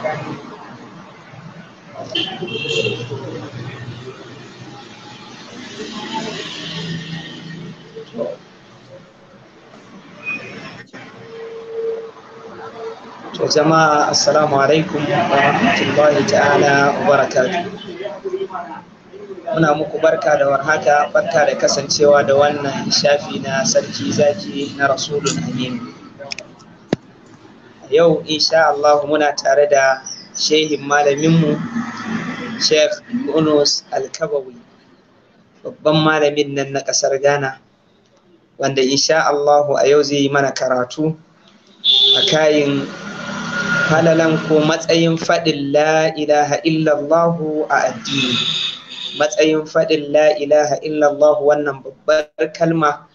To jama'a assalamu alaikum wa rahmatullahi ta'ala wa barakatuh muna muku barka da warhaka barka da kasancewa da wannan shafi na sarki zaki na rasulun amin yau insha Allah muna tare da shehin malaminmu Chef Yunus Alkabawi babban malamin nan na ƙasar Ghana wanda insha Allah a yau zai yi mana karatu a kayin halalan ko matsayin faɗin la ilaha illallah a addini matsayin faɗin la ilaha illallah wannan babbar kalma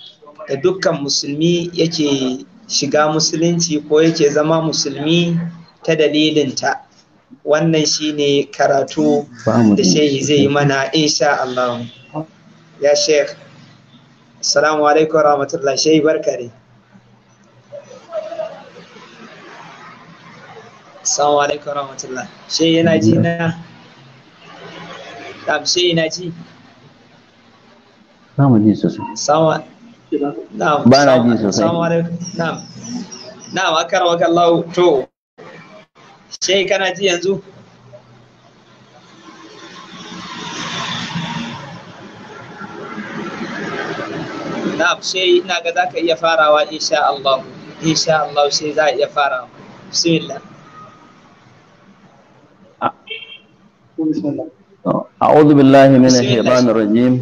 da dukkan musulmi yake shiga musulunci ko yake zama musulmi ta dalilinta wannan shine karatu da shehi zai yi mana insha Allah ya sheikh assalamu alaikum rahmatullah shehi barkare assalamu alaikum rahmatullah shehi yana ji na shehi yana ji Assalamu alaikum. na ji sosai na'am akara wa to Sai kana ji yanzu na'am ga zaka iya farawa insha Allah insha Allah sai za iya farawa bismillah أعوذ بالله من الشيطان الرجيم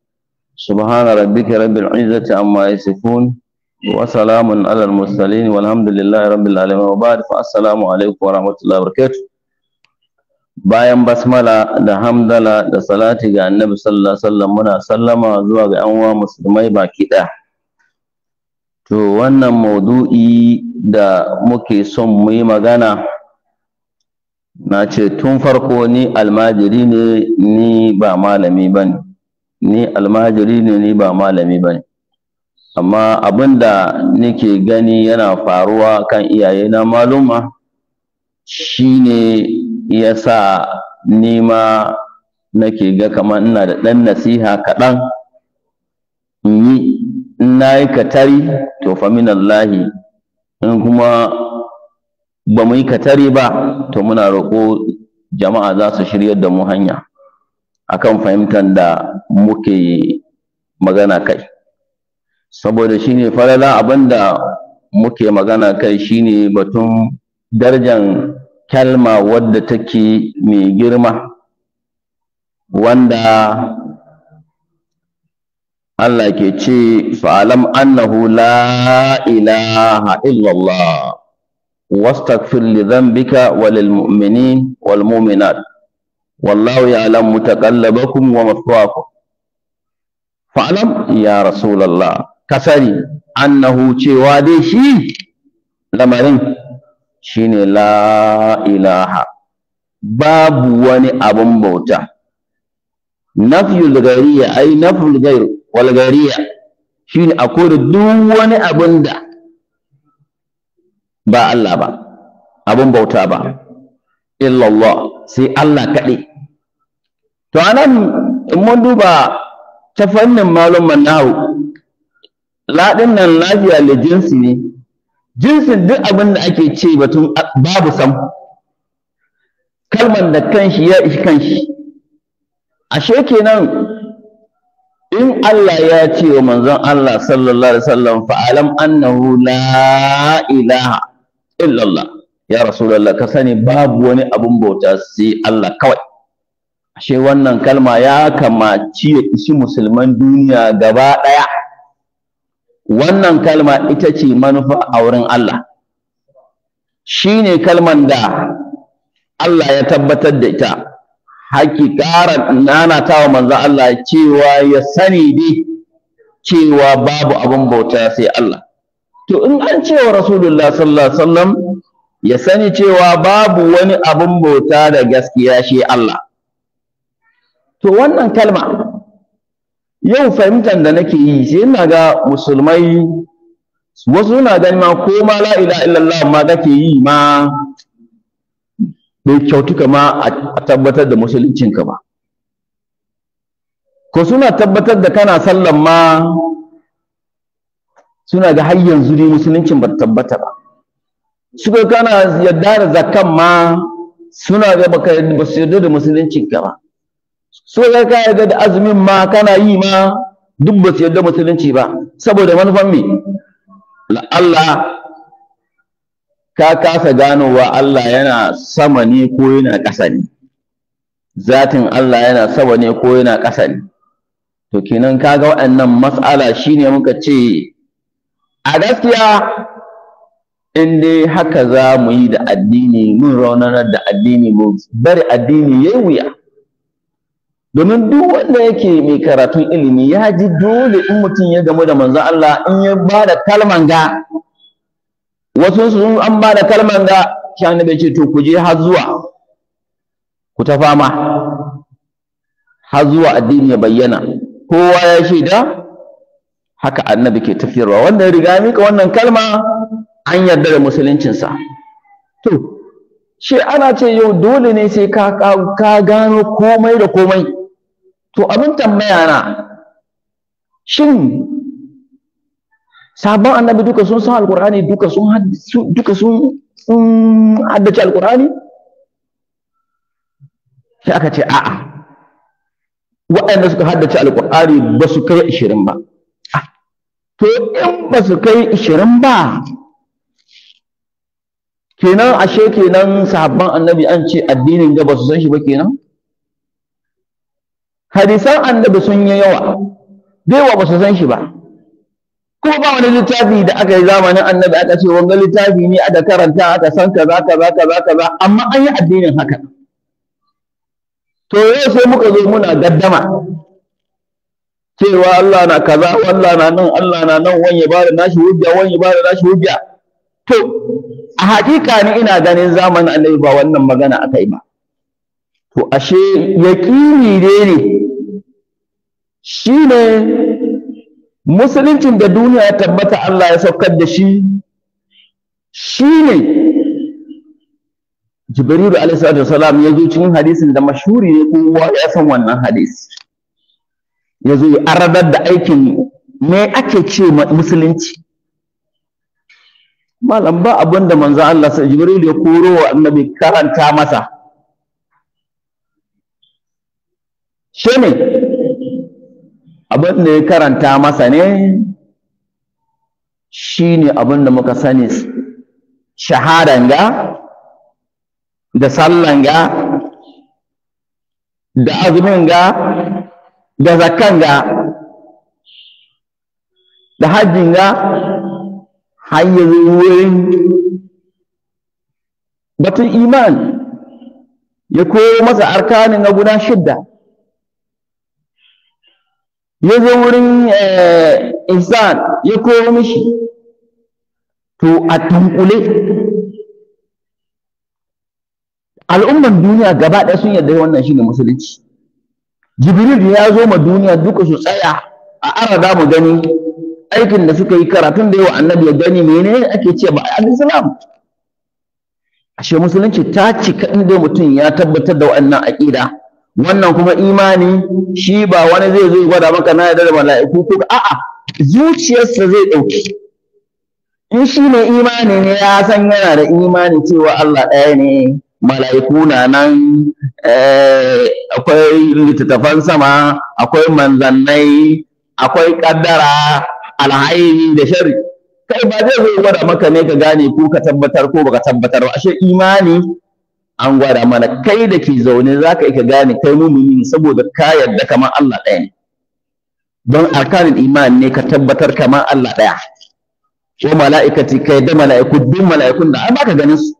سبحان ربك رب العزة عما يصفون وسلام على المرسلين والحمد لله رب العالمين وبعد فالسلام عليكم ورحمة الله وبركاته bayan basmala da hamdala da salati ga annabi sallallahu alaihi wasallam muna sallama zuwa ga yan musulmai baki ɗaya to wannan maudu'i da muke son mu yi magana na ce tun farko ni almajiri ne ni ba malami ba ne ni almajiri ne ni ba malami ba ne amma abin da nake gani yana faruwa kan iyaye na maluma shine ya sa nima nake ga kamar ina da ɗan nasiha kaɗan in yi na yi katari to fa minallahi in kuma ba mu yi katari ba to muna roƙo jama'a za su shiryar da mu hanya akan fahimtar da muke magana kai saboda shine abin abinda muke magana kai shine batun darajan kalma wadda take mai girma wanda Allah ke ce fa'alam annahu la ilaha illallah واستغفر لذنبك wal muminat wallahu ya'lam mutaqallabakum wa mathwaakum fa'lam ya rasulullah kasani annahu cewa dai shi lamarin shine la ilaha babu wani abun bauta nafyul ghairiyya ai nafyul ghair wal ghairiyya shine akwai duk wani abun da ba Allah ba abun bauta ba illallah sai Allah kaɗai to anan mun duba ta fannin malumman nahu laɗin nan lafiya da jinsi ne Jinsi duk abin da ake ce batun babu sam kalmar da kanshi ya ishi kanshi ashe kenan in Allah ya ce wa manzon Allah sallallahu alaihi wasallam fa'alam annahu la ilaha illallah ya rasulullah ka sani babu wani abun bauta sai Allah kawai ashe wannan kalma ya kamaci ya ishi musulman duniya gaba ɗaya wannan kalma ita ce manufa a wurin Allah shi ne kalman da Allah ya tabbatar da ita nana ta wa manzan Allah cewa ya sani dai cewa babu abin bauta sai Allah to in an cewa rasulullah sallallahu alaihi wasallam ya sani cewa babu wani abin bauta da gaskiya shi Allah to wannan kalma yau fahimtar da nake yi sai ina ga musulmai wasu suna gani ma ko ma la ilaha illallah ma kake yi ma bai kyautu ma a tabbatar da musuluncinka ba ko suna tabbatar da kana sallan ma suna ga har yanzu ne musuluncin ba tabbata ba suka kana yadda da zakan ma suna ga baka ba yarda da musuluncinka ba so ya ka yarda da azumin ma kana yi ma duk ba su yarda musulunci ba saboda manufan me Allah ka kasa ganowa Allah yana sama ne ko yana ƙasa ne zatin Allah yana sama ne ko yana ƙasa ne to kenan kaga waɗannan mas'ala shine muka ce a gaskiya in dai haka za mu yi da addini mun raunanar da addini mu bari addini yayi wuya domin duk wanda yake mai karatun ilimi ya ji dole in mutum ya gamu da manzon Allah in ya ba da kalman ga wasu sun an ba da kalman ga shi ce to ku je har zuwa ku ta fama har zuwa addini ya bayyana kowa ya shaida haka annabi ke tafiyarwa wanda ya riga mika wannan kalma an yarda da musuluncinsa to shi ana ce yau dole ne sai ka gano komai da komai to abin tambaya na shin sabon annabi duka sun san alkur'ani duka sun duka sun haddace alkur'ani sai aka ce a'a waɗanda suka haddace alkur'ani ba su kai ishirin ba to in ba su kai ishirin ba kenan ashe kenan sabon annabi an ce addinin ga ba su san shi ba kenan hadisan annabi sun yi yawa da yawa ba san shi ba kuma ba wani littafi da aka yi zamanin annabi aka ce wanga littafi ne aka karanta aka san kaza kaza kaza kaza amma an yi addinin haka to yau sai muka zo muna gaddama cewa Allah na kaza Allah na nan Allah na nan wani ya bada nashi hujja wani ya bada nashi hujja to a hakika ni ina ganin zamanin annabi ba wannan magana aka yi ba to ashe yaƙini dai ne Shi ne musuluncin da duniya ya tabbata Allah ya saukar da shi shine Jibrilu alaihi salam ya zo cikin hadisin da mashuri ne kowa ya san wannan hadisi ya zo ya aradar da aikin me ake ce musulunci malam ba abin da manzo Allah sai Jibril ya koro wa annabi karanta masa ne abin da ya karanta masa ne shi ne abin da muka sani shaharan ga da sallan ga da azumin ga da zakan ga da hajjin ga hanyar wurin batun iman ya koyo masa arkanin ga guda shidda ya zo wurin eh, insan ya koyo mishi to a tankule al'umman duniya gaba ɗaya sun yarda wannan shine musulunci jibril ya zo ma duniya duka su tsaya a arada mu gani aikin da suka yi karatun da yawa annabi ya gani mene ake ce ba a islam ashe musulunci ta cika inda mutum ya tabbatar da wannan aƙida wannan kuma imani shi ba wani zai zo gwada maka na yarda da mala'iku ko a'a zuciyarsa zai ɗauki in shi ne imani ne ya san yana da imani cewa Allah ɗaya ne mala'iku na nan eh, akwai littattafan sama akwai manzannai akwai ƙaddara alhayi da shari kai ba zai zo gwada maka ne ka gane ko ka tabbatar ko baka tabbatar ba ashe imani an gwada mana kai da ke zaune za ka ika gane kai mumini saboda ka yarda kamar Allah ɗaya ne don arkanin imani ne ka tabbatar kamar Allah ɗaya ko mala'ikati kai da mala'iku bin mala'ikun da an baka ganin su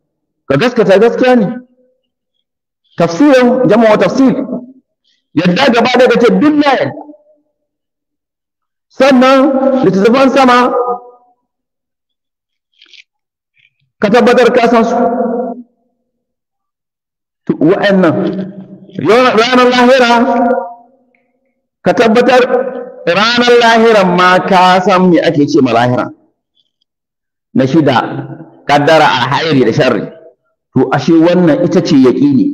ka gaskata gaskiya ne tafsirin jama'a tafsir yadda gaba da kace duk la sannan littattafan sama ka tabbatar ka san su wa'annan ranar lahira ka tabbatar ranar lahiran ma ka san me ake ce ma lahira na shida kaddara alhairi da sharri to ashe wannan ita ce yaqini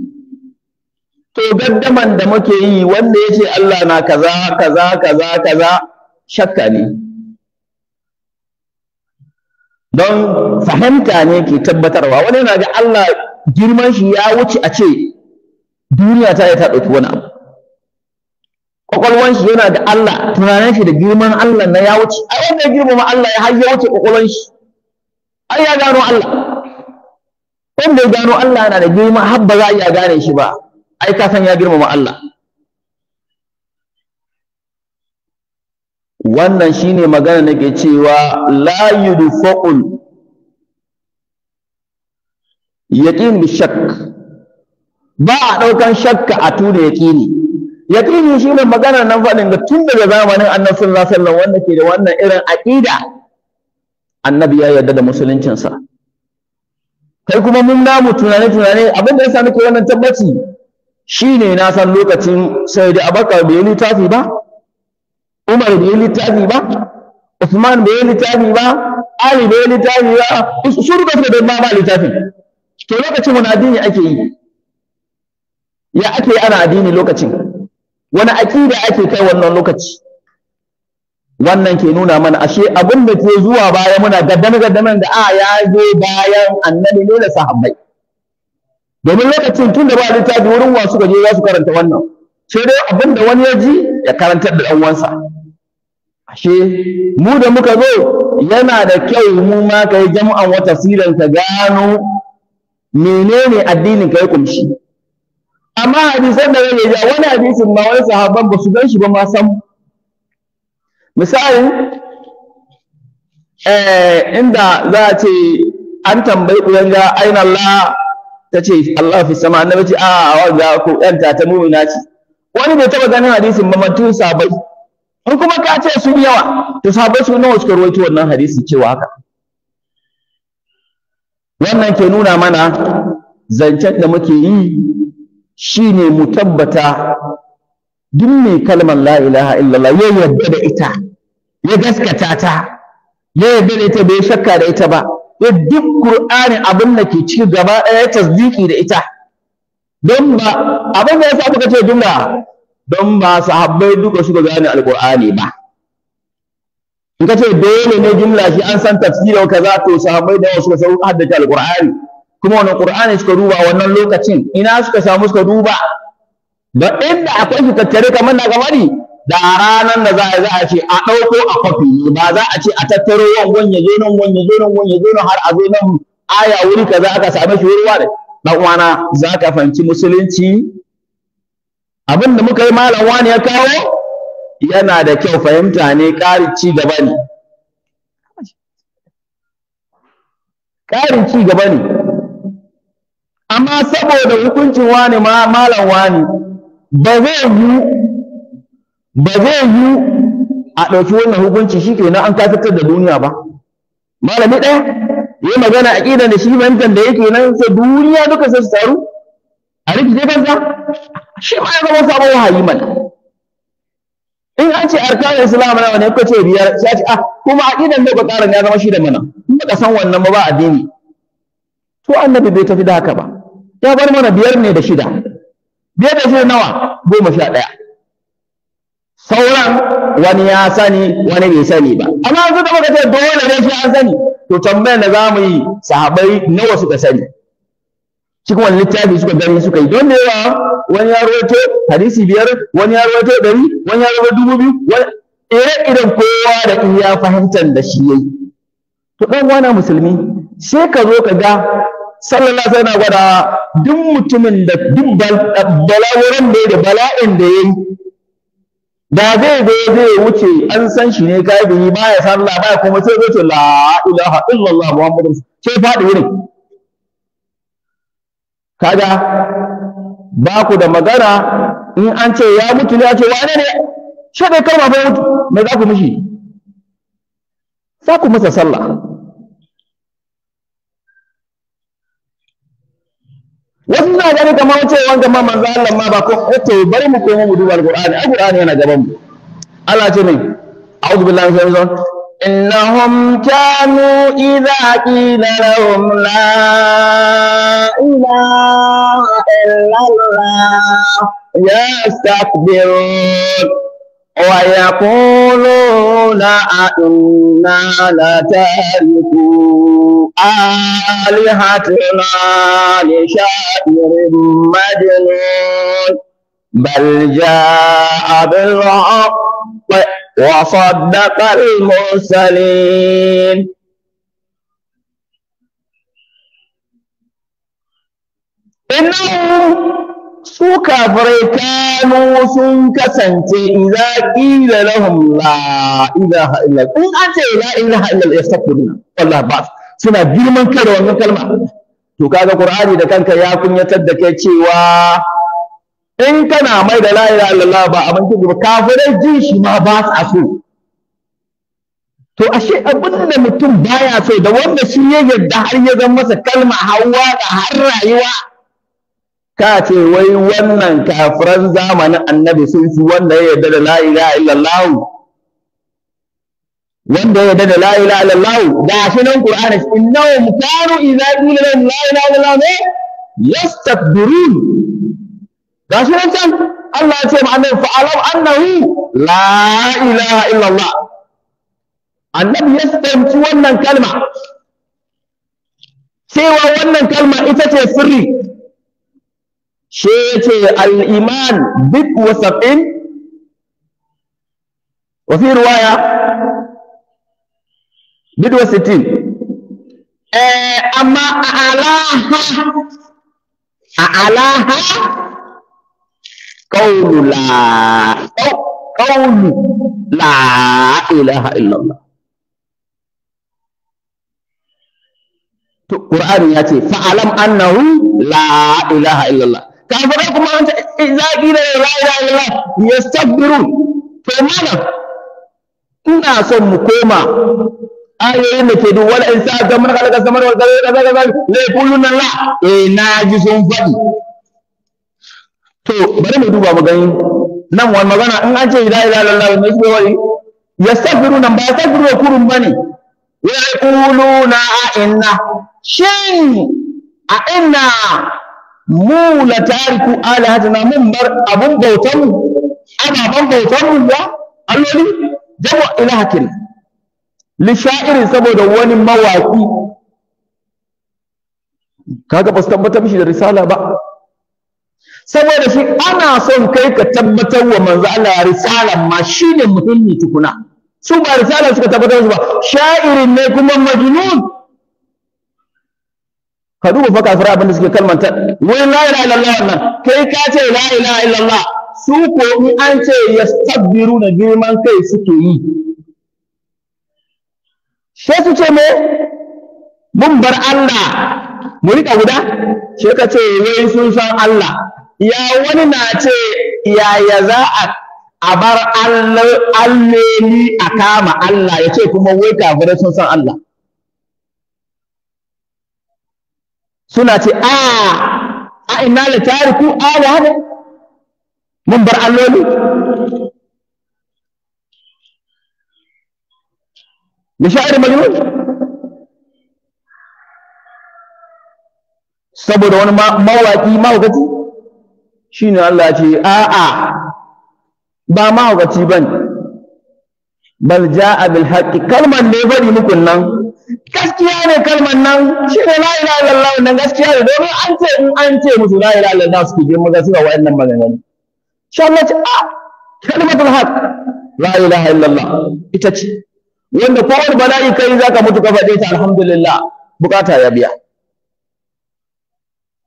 to gaddaman da muke yi wanda yace Allah na kaza kaza kaza kaza shakka ne don fahimta ne ke tabbatarwa wani na ga Allah girman shi ya wuce a ce duniya ta ta ɗauki wani abu Ƙwaƙwalwan shi yana da Allah tunanin shi da girman Allah na ya wuce ai wanda ya girmama Allah ya har ya wuce kwakwalwan shi ai ya gano Allah wanda ya gano Allah yana da girma har ba za a iya gane shi ba ai ka san ya girmama Allah wannan shine magana nake cewa la yudfaqul yaqin bi shakk ba a ɗaukan shakka a tura yaqini yaqini shine maganar nan faɗin da tun daga zamanin annabi sallallahu alaihi wasallam wanda ke da wannan irin aqida annabi ya yarda da musuluncinsa kai kuma mun namu tunane tunane abin da yasa nake wannan tabbaci shine na san lokacin sai da abakar bai littafi ba umar bai littafi ba usman bai littafi ba ali bai littafi ba su rubuta da ma littafi to lokacin wani addini ake yi ya ake yi ana addini lokacin wani aƙida ake kai wannan lokaci wannan ke nuna mana ashe abin da ke zuwa baya muna gaddame gaddamen da a ah, ya zo bayan annabi ne da sahabbai domin lokacin tun da ba littafi wurin wasu gaje za su karanta wannan sai dai abin da wani ya ji ya karantar da ɗan uwansa ashe mu da muka zo yana da kyau mu ma kai jama'an wata tafsirin ka gano menene addinin ka ya kumshi amma hadisan da yake ja wani hadisin ma wani sahabban ba su ganshi ba ma san misali eh inda za a ce an tambayi kuyanga aina Allah ta ce Allah fi sama annabi ce a wanda ko yanta ta mu'mina ce wani bai taba ganin hadisin ba mantun sabai in kuma ka ce sun yawa to sabai su nawa suka rawaito wannan hadisi cewa haka wannan ke nuna mana zancen da muke yi shine mu tabbata duk mai kalmar la ilaha illallah ya yarda da ita ya gaskata ta ya yarda da ita bai shakka da ita ba ya duk qur'ani abin da ke ciki gaba ɗaya tasdiki da ita don ba abin da ya sa ce jumla don ba sahabbai duka suka gane alqur'ani ba in ka ce dole ne jumla shi an san tafsirin kaza to sahabbai da wasu sun haddace alqur'ani kuma wannan qur'ani suka duba wannan lokacin ina suka samu suka duba da inda akwai su tattare kamar na gamari da ranan da za a za a ce a ɗauko a kofi ba za a ce a tattaro wangon ya zo nan wangon ya zo nan wangon ya zo nan har a zo nan aya wuri kaza aka same shi wuri wani dan uwana za ka fanci musulunci abin da muka yi malam wani ya kawo yana da kyau fahimta ne ƙarin ci gaba ne ƙarin ci gaba ne amma saboda hukuncin wani ma malam wani ba zai yi ba zai yi a ɗauki wannan hukunci shi na an kafitar da duniya ba malami ɗaya ya yi magana a ƙidan da shi mantan da yake nan sai duniya duka sai su taru a rikice kansa shi ma ya zama sabon wahayi mana in an ce arkanin islam nawa ne kace biyar sai ce ah kuma aqidan da bakaran ya zama shi da mana in baka san wannan ba addini to annabi bai tafi da haka ba ya bar mana biyar ne da shida biyar da shida nawa goma sha ɗaya sauran wani ya sani wani bai sani ba amma yanzu da muka ce dole ne shi an sani to tambayar da za mu yi sahabbai nawa suka sani cikin wani littafi suka gani suka yi don da yawa wani ya rawaito hadisi biyar wani ya rawaito ɗari wani ya rawaito dubu biyu ire-iren kowa da ya fahimtar da shi yayi to ɗan wana musulmi sai ka zo ka ga sallallahu alaihi wasallam gwada duk mutumin da duk balawuran da da bala'in da yayi da zai zo zai wuce an san shi ne kafiri ba ya sallah ba kuma sai zai ce la ilaha illallah muhammadur sai faɗi wurin Kada ba ku da magana in an ce ya mutu ne a ce wane ne shaɗe kalma fa mutu mai za ku mishi za ku masa sallah wasu na gani kamar wanda ma manzo Allah ma ba ko eh to bari mu koma mu duba alqur'ani alqur'ani yana gaban mu Allah ce ne a'udhu billahi minash shaitanir إنهم كانوا إذا قيل لهم لا إله إلا الله يستكبرون ويقولون أئنا لتاركو آلهتنا لشاعر مجنون بل جاء بالحق وصدق المرسلين إنهم su kafirai kanu sun kasance idza qila lahum la ilaha illa in an ce la ilaha illa yastakbiruna wallahi ba suna girman kai da wannan kalma to kaga qur'ani da kanka ya kunyatar da kai cewa in kana mai da la'ira Allah ba abin kiji ba kafirai jin shi ma ba sa so to ashe abin da mutum baya so da wanda shi ya yarda har ya zama masa kalma hawa da har rayuwa ka ce wai wannan kafiran zamanin annabi sun fi wanda ya yarda da la'ira illallah wanda ya yarda da la'ira illallah da shi nan qur'ani innahum kanu idza qila lahum la ilaha illallah yastakbirun gashi nan can Allah ya ce ma annabi fa'alam annahu la ilaha illallah annabi ya tsanci wannan kalma cewa wannan kalma ita ce sirri she ce al-iman bid wa sab'in wa fi riwaya bid wa sittin eh amma a'laha a'laha قول لا قول لا إله ilaha illallah Quran ya ce fa'alam annahu la ilaha illallah kafirai kuma an ce idza qila la ilaha illallah yastakbirun to mana ina son mu koma ayoyin da ke duk wala in sa'a gamar kalaka samar wal kaza kaza kaza la yaquluna la eh naji sun faɗi to bari mu duba mu gani nan wani magana in an ce la ilaha illallah ne suke wai nan ba yastaghfiru kurun bane wa yaquluna a inna shin a inna mu la tariku alahatina mun bar abun bautan Ana ban bautan mu ba alloli jamu ila kenan li sha'irin saboda wani mawaki kaga ba su tabbatar mishi da risala ba saboda shi ana son kai ka tabbatar wa manzo Allah risala ma shine muhimmi tukuna su ba risalar suka tabbatar su ba sha'irin ne kuma majnun ka duba fa kafira abin da suke kalmanta wai la ilaha illallah wannan kai ka ce la ilaha illallah su ko in an ce yastabiruna girman kai suke yi sai su ce me mun bar Allah mu riƙa guda sai ka ce wai sun san Allah ya wani na ce yaya za a a bar alloli a kama Allah ya ce kuma wai kafirai sun san Allah suna ce a a ina la tariku ala hada mun bar alloli mishair majnun saboda wani mawaki mawakaci ne Allah ce a'a ba mahaukaci ban bal ja'a bil haqqi Kalman ne bari mukun nan gaskiya ne kalman nan ne la ilaha illallah wannan gaskiya ne domin an ce in an ce musu la ilaha illallah suke je maza suka wa'annan maganganu sha Allah ce a kalmatul haqq la ilaha illallah ita ce wanda kowar bala'i kai zaka mutu ka faɗe ta alhamdulillah bukata ya biya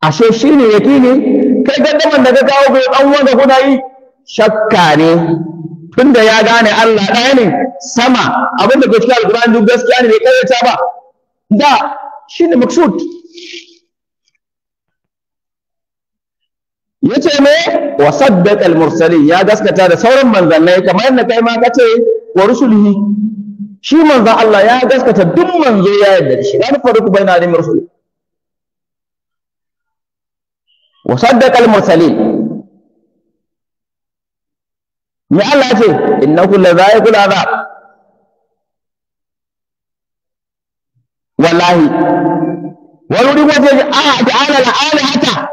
ashe shi shine yaqini kai gaddaman da ka kawo bai dan wanda kuna yi shakka ne tunda ya gane Allah ɗaya ne sama abinda ke cikin alkur'ani duk gaskiya ne bai karyata ba da shine maksud yace me wa saddaq al-mursalin ya gaskata da sauran manzannai kamar yadda kai ma kace wa rusulihi shi manzo Allah ya gaskata duk manzo ya yarda shi la nufarriqu baina al-rusul وصدق المرسلين من الله فيه إنه كل ذلك العذاب والله ولو في أعلى الأعلى حتى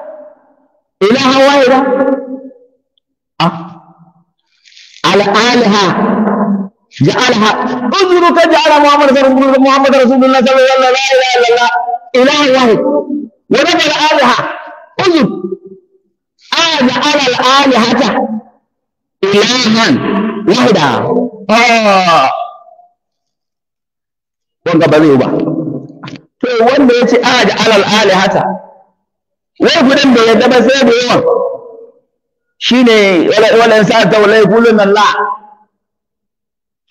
إله واحدة أه. على آلهة جعلها اذنك جعل محمد رسول الله محمد رسول الله صلى الله عليه وسلم لا اله الا الله اله واحد ونجعل آلهة uzur aja alal alihata ilahan wahda wanda ba zai ba to wanda ya ce aja alal alihata wai kudin da yadda ba sai da yawan shine wala in sa ta wala yaqulun Allah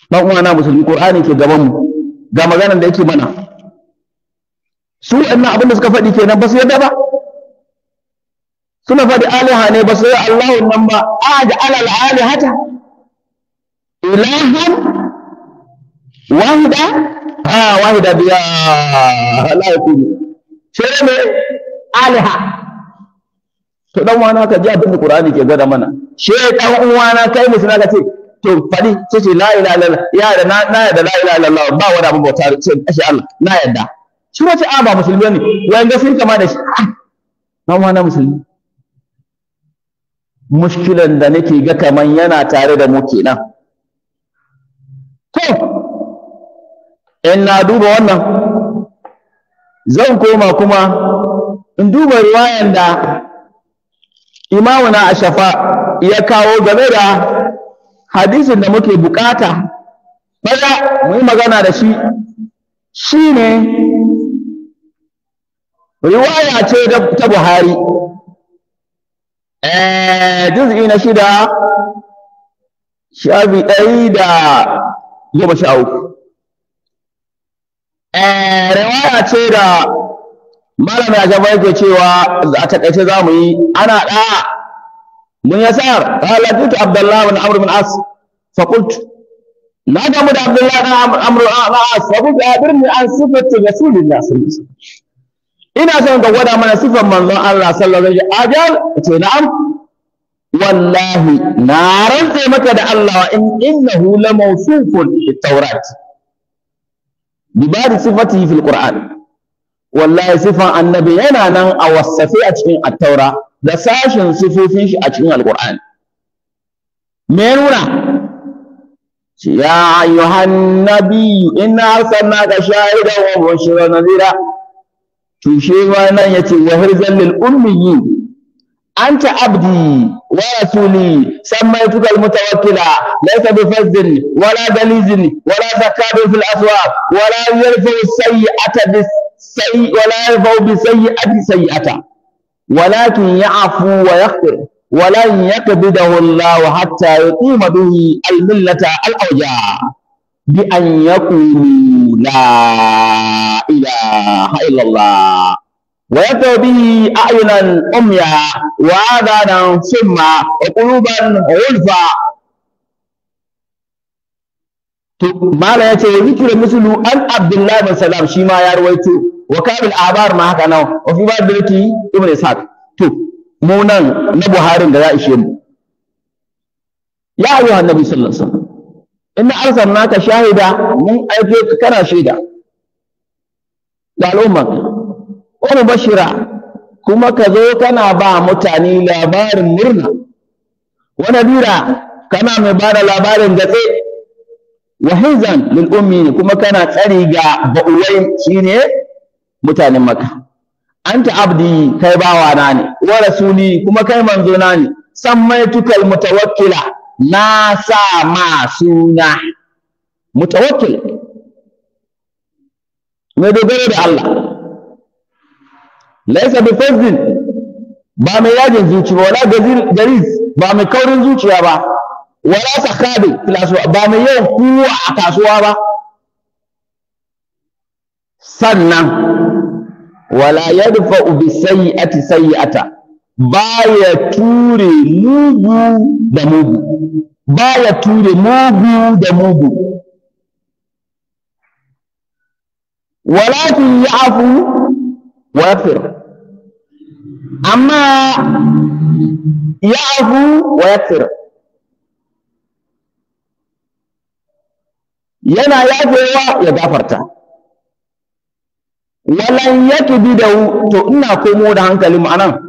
dan uwana musulmi qur'ani ke gaban mu ga maganar da yake mana su wannan abin da suka faɗi kenan ba su yadda ba suna faɗi aliha ne ba su yi Allahun nan ba a ala alal alihata ilahun wahida a wahida biya la yakunu sai ne aliha to dan wana ka ji abin da Qur'ani ke gwada mana Sai dan uwana kai musu naka ce to faɗi sai ce la ilaha illallah ya da na yadda la ilaha illallah ba wani abin bauta sai ashe Allah na yadda shi wace a ba musulmi ne wanda sun kama da shi ah, na wani musulmi mushkilan da nake ga kaman yana tare da mu kenan to in na duba wannan zan koma kuma in duba riwayan da imamuna ashafa ya kawo game da hadisin da muke bukata Baza mu yi magana da shi shine riwaya ce ta Buhari eh juz'i na shida shafi ɗari da goma sha uku eh ce da malam ya gaba yake cewa a takaice za mu yi ana ɗa mun yasar qala qultu abdullahi bin amr bin as Fakult. na gamu da abdullahi bin amr bin as Fakult qultu birni an sifatu rasulillahi sallallahu alaihi wasallam ina son ka wada mana sifan manzon Allah sallallahu alaihi wasallam ajal ce na'am wallahi na rantsa maka da Allah in innahu la mawsufun fi tawrat bi bari sifatihi fil qur'an wallahi sifan annabi yana nan a wasafi a cikin at-taura da sashin sifofin shi a cikin al-qur'an me nuna يا أيها النبي إنا أرسلناك شاهدا ومبشرا nadira to shi ma nan yace wa hirzan lil ummiyi anta abdi wa rasuli sammaytuka al mutawakkila laysa bi fazzin wala dalizin wala zakabin fil aswaq wala yarfu sayyi'ata bis sayyi wala yarfu bi sayyi'ati sayyi'ata walakin ya'fu wa yaghfir ولن يقبضه الله حتى يقيم به الملة الأوجاع بأن يقوم illallah wa إلا الله ayunan umya wa adanan وآذانا wa وقلوبا غلفا to mala ya ce kira musulu an abdullahi bin salam shi ma ya rawaito wa kamil abar ma haka nan wa fi badirki ibn ishaq to mu nan na buharin da za a ishe mu ya ayyuhan annabi sallallahu alaihi wasallam in na ka shahida mun aike ka kana shaida da ko wa kuma ka zo kana ba mutane labarin murna Wani dira kana mai ba da labarin gatse wa hizan lil ummi kuma kana tsari ga ba'ulai shine mutanen maka. anta abdi kai na ne wa rasuli kuma kai manzona ne sammai tukal mutawakkila na sa ma suna mutawakkil mai dogara da Allah laisa bi fazzin ba mai yajin zuciya. wala gariz ba mai kaurin zuciya ba wala sakabe ba mai yawan kuwa a kasuwa ba sannan wala yadfa'u bi sayyi'ati sayyi'ata baya ture mugu da mugu baya ture mugu da mugu walakin ya'fu wa yaghfir amma ya'fu wa yana yafewa ya gafarta walan bi da to ina komo da hankali mu anan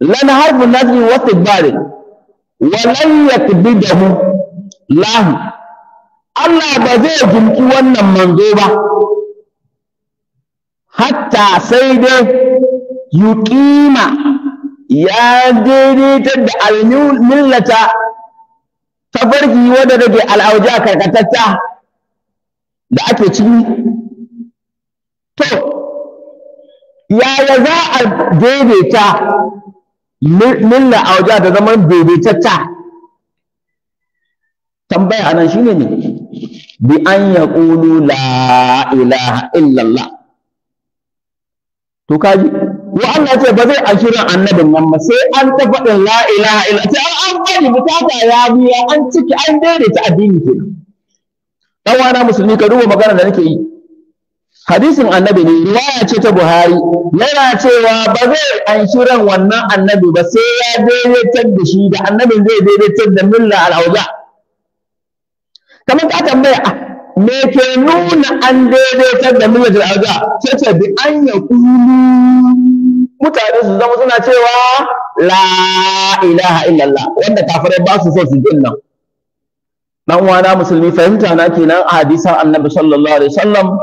lan harfu nazri wa tibari wa lan yakbidahu lahu Allah ba zai jinki wannan manzo ba hatta sai dai yuqima ya daidaitar da al-millata tafarki wadda take al'auja karkatatta da ake ciki to yaya za a daidaita Milla a wajen da zaman daidaitacca tambaya a nan shine ne bi an ya ƙulu la ilaha illallah to kaji wa Allah ce ba zai ashirin annabin nan ba sai an ta faɗin la ilaha illallah sai an faɗi bukata ya biya an ciki an daidaita addini ke ɗan wana musulmi ka duba magana da nake yi hadisin annabi ne ya ce ta Buhari yana cewa ba zai anshi ran wannan annabi ba sai ya daidaitar da shi da annabin zai daidaitar da milla al'auza kamar ka tambaya ah, me ke nuna an daidaitar da milla al'auza sai ce bi an ya mutane su zama suna cewa la ilaha illallah wanda kafirai ba su so su jin nan dan uwana musulmi fahimta na kenan a hadisan annabi sallallahu alaihi wasallam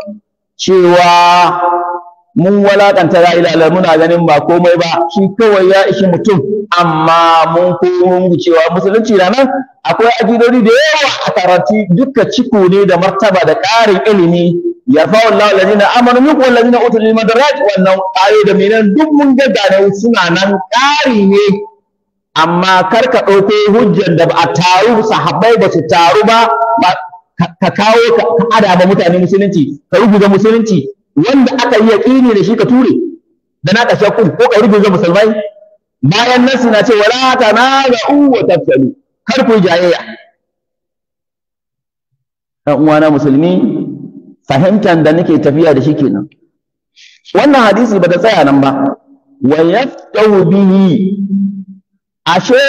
cewa mun walakanta la ilaha muna ganin ba komai ba shi kawai ya ishi mutum amma mun koyo cewa musulunci na nan akwai ajidori da yawa a karanti duka ciko ne da martaba da ƙarin ilimi yarfa'u Allahu na amanu minkum wallazina utul ilma darajat wannan ayo da menen duk mun ga gane suna nan ƙari ne amma kar ka ɗauko hujjar da ba a taru sahabbai ba su taru ba ka kawo ka adaba mutane musulunci ka rubuta musulunci wanda aka yi yaƙini da shi ka ture da na ƙashe kun ko ka rubuta musulmai bayan nan suna ce wala ta na ga uwa tafsalu kar ku jayayya ɗan uwana musulmi fahimtar da nake tafiya da shi kenan wannan hadisi ba ta tsaya nan ba wa yaftahu bihi ashe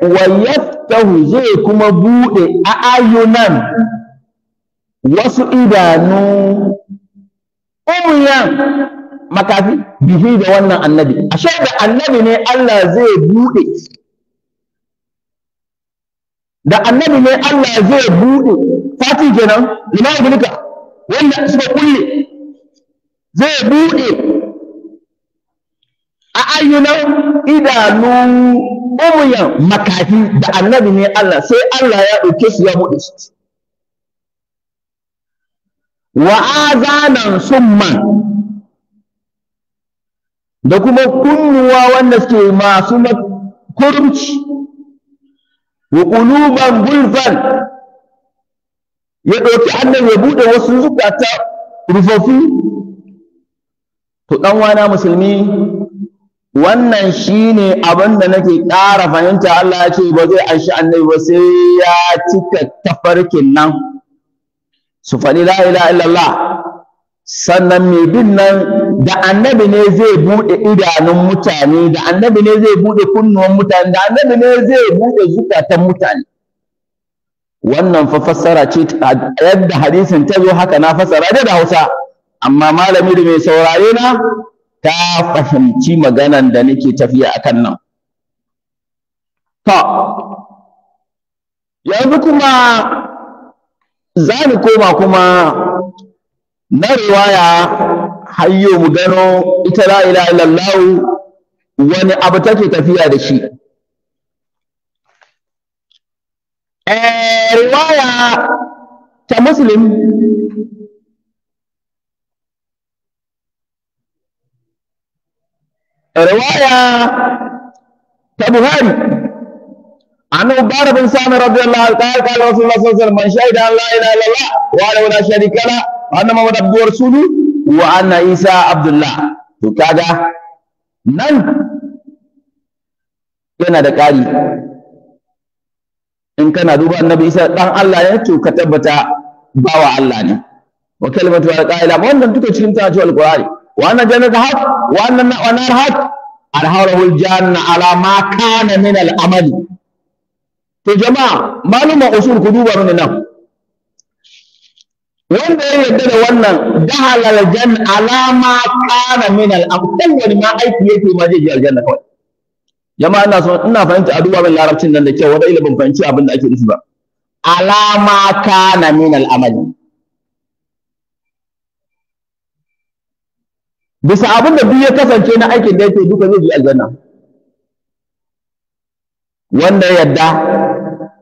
wa yaftahu zai kuma bude a ayunan wasu idanu umuyan makafi bihi da wannan annabi ashe da annabi ne Allah zai bude da annabi ne Allah zai bude fati kenan ina wannan wanda suka kulle zai bude a ayyunan idanu umuyan makafi da annabi ne Allah sai Allah ya dauke su ya bude su Wa'azanan summan da kuma kunnuwa wanda suke masu kurci wa quluban gulfan ya ɗauki annan ya buɗe wasu ta rufofi to ɗanwana musulmi wannan shine abin da nake ƙara fahimta Allah ya ce ba zai anshi annabi ba sai ya cika tafarkin nan su faɗi la’ila sannan mai bin nan da annabi ne zai buɗe idanun mutane da annabi ne zai buɗe kunnuwan mutane da annabi ne zai buɗe zukatan mutane wannan fa fassara ce yadda hadisin ta zo haka na fassara da Hausa amma malami da mai saurare na ta fahimci maganan da nake tafiya a kan nan yanzu kuma za mu koma kuma na riwaya hayyo mu gano ita la ilaha illallah wani abu take tafiya da shi eh, riwaya ta muslim riwaya ta buhari عن عبارة بن سامر رضي الله عنه قال قال رسول الله صلى الله عليه وسلم من شهد أن لا إله إلا الله وحده لا شريك له وأن محمد عيسى عبد الله nan yana da ƙari in kana duba annabi Isa dan Allah ne to ka tabbata bawa Allah ne wa kalimatu al qaila wannan duka cikin ta ce alqur'ani wa anna jannata haq wa anna nar ala kana amali to jama'a maluma usul ku duba mini nan wanda ya yarda da wannan dahal aljan alama kana min al wani ma aiki yake ma zai je aljanna kawai jama'a ina so ina fahimta a duba min larabcin nan da kyau wanda ila ban fahimci abin da ake nufi ba alama kana min al bisa abin da duk ya kasance na aikin da yake duka zai je aljanna wanda yadda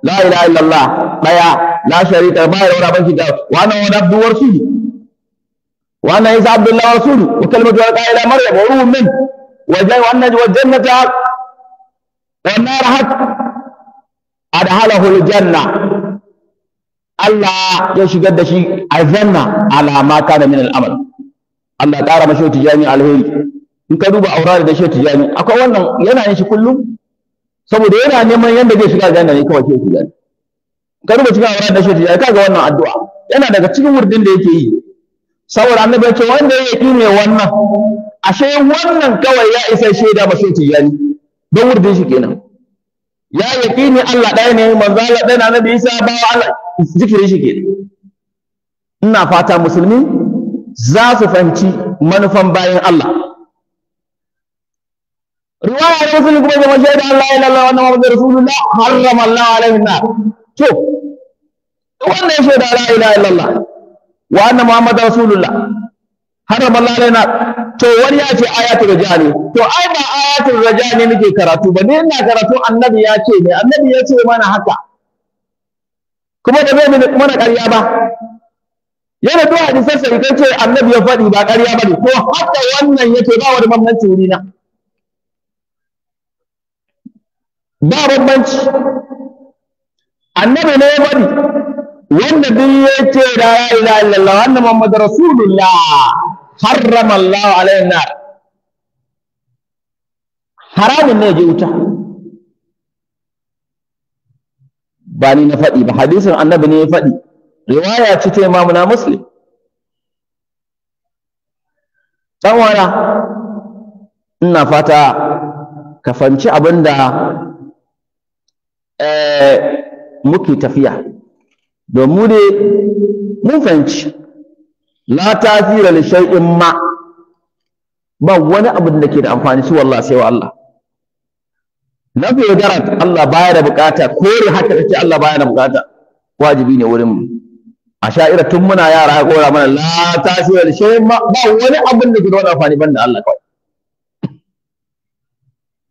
لا إله إلا الله بيا لا شريك بيا ولا بنك دا وأنا وأنا عبد ورسول وأنا إذا عبد الله ورسول وكلمة وقع إلى مريم وروح من وجاي وأنا والجنة والنار حق أدهله الجنة الله يشجع دشي أذنا على ما كان من الأمل الله تعالى مشوت جاني عليه إن كذوب أوراد دشي تجاني أكو وانا ينعيش كلهم saboda yana neman yadda zai shiga aljanna ne kawai ke shiga ka rubuta cikin auren da shi kaga wannan addu'a yana daga cikin wurdin da yake yi saboda annabi ce wanda ya yi ne wannan ashe wannan kawai ya isa shaida ba shi tijani don wurdin shi kenan ya yaqini Allah ɗaya ne manzo Allah ɗaya na Nabi Isa ba Allah zikirin shi kenan ina fata musulmi za su fahimci manufan bayan Allah riwaya ne sun kuma zama shaida Allah ya lalla wannan Muhammadu Rasulullah harrama Allah alaihi na to ya ce da shaida la ilaha illallah wa anna Muhammadu Rasulullah harrama Allah alaihi na to wani ya ce ayatul raja ne to ai ba ayatul raja ne nake karatu ba ni ina karatu annabi ya ce ne annabi ya ce mana haka kuma da bai mana ƙarya ba yana zuwa hadisan sai kan ce annabi ya faɗi ba ƙarya ba ne to haka wannan yake ba wani bambanci wurina na ba bambanci annabi ne bari wanda duk ya ce da la da Allah anna Muhammad rasulullah harrama Allah alaihi nar haramun ne ji wuta ba ni na faɗi ba hadisin annabi ne ya faɗi riwaya ce ta imamu na muslim dan ina fata ka fanci abin Eh, muke tafiya domin ne mun fahimci la tasira li shay'in ma ba wani abin da ke da amfani su wallahi sai wa Allah na yaudarat Allah baya da bukata kore haka kace Allah baya da bukata wajibi ne wurin mu a sha'ira tun muna yara ya kora mana la tasira li shay'in ma ba wani abin da ke da wani amfani banda Allah kawai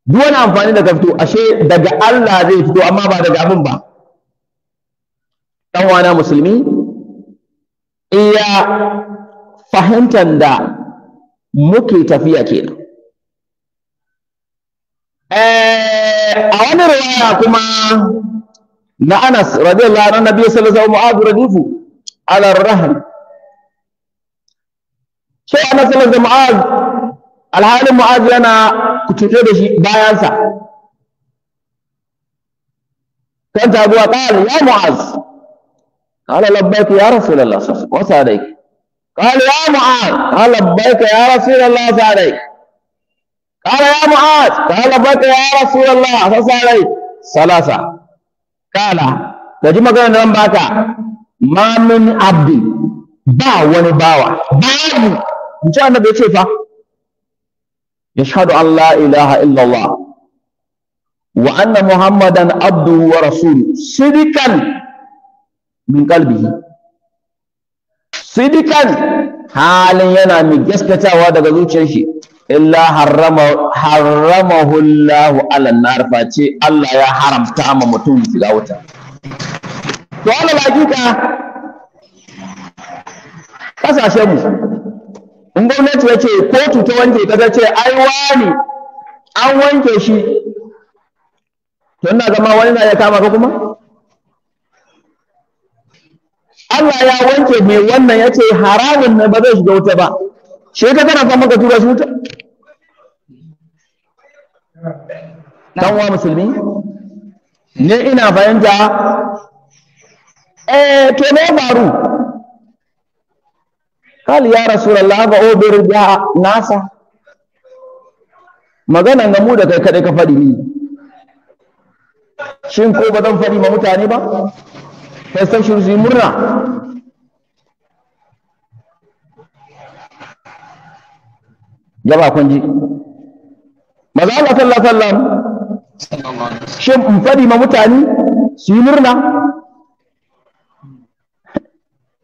duk wani amfani da ka fito ashe daga Allah zai fito amma ba daga abin ba dan wana musulmi iya fahimtar da muke tafiya kenan eh, a wani riwaya kuma na Anas radiyallahu anhu Nabi sallallahu alaihi wasallam radifu ala rahl sai Anas sallallahu alaihi alhalin mu'azu yana kutuce da shi bayansa kan taguwa ƙali ya mu'az ƙala labbaika ya rasu da lasa wasa dai ƙali ya mu'az ƙala labbaika ya rasu da lasa dai ƙala ya mu'az ƙala labbaika ya rasu da lasa dai salasa ƙala da ji magana nan zan baka ma min abdi ba wani bawa babu in ji annabi ya ce fa Yashadu أن لا إله إلا الله وأن محمدا عبده ورسوله صدقا من قلبه صدقا حالا ينا من illa harramahu hullahu ala nar face Allah ya haramta ma mutum shiga wuta to ala hakika kasashen mu in gwamnati ya ce kotu ta wanke ta ta ce ai wani an wanke shi to ina zama wani na ya kama ka kuma Allah ya wanke mai wannan ya ce haramun ne ba zai shiga wuta ba shi ka tana kan maka tura shi wuta dan wa musulmi ne ina fahimta eh to ne faru قال ya rasulullah الله ba obir ya nasa magana ga mu da kai kadai ka faɗi ni shin ko ba zan faɗi ma mutane ba sai san shi su murna jama'a kun ji maza sallallahu alaihi wasallam shin in faɗi ma mutane su yi murna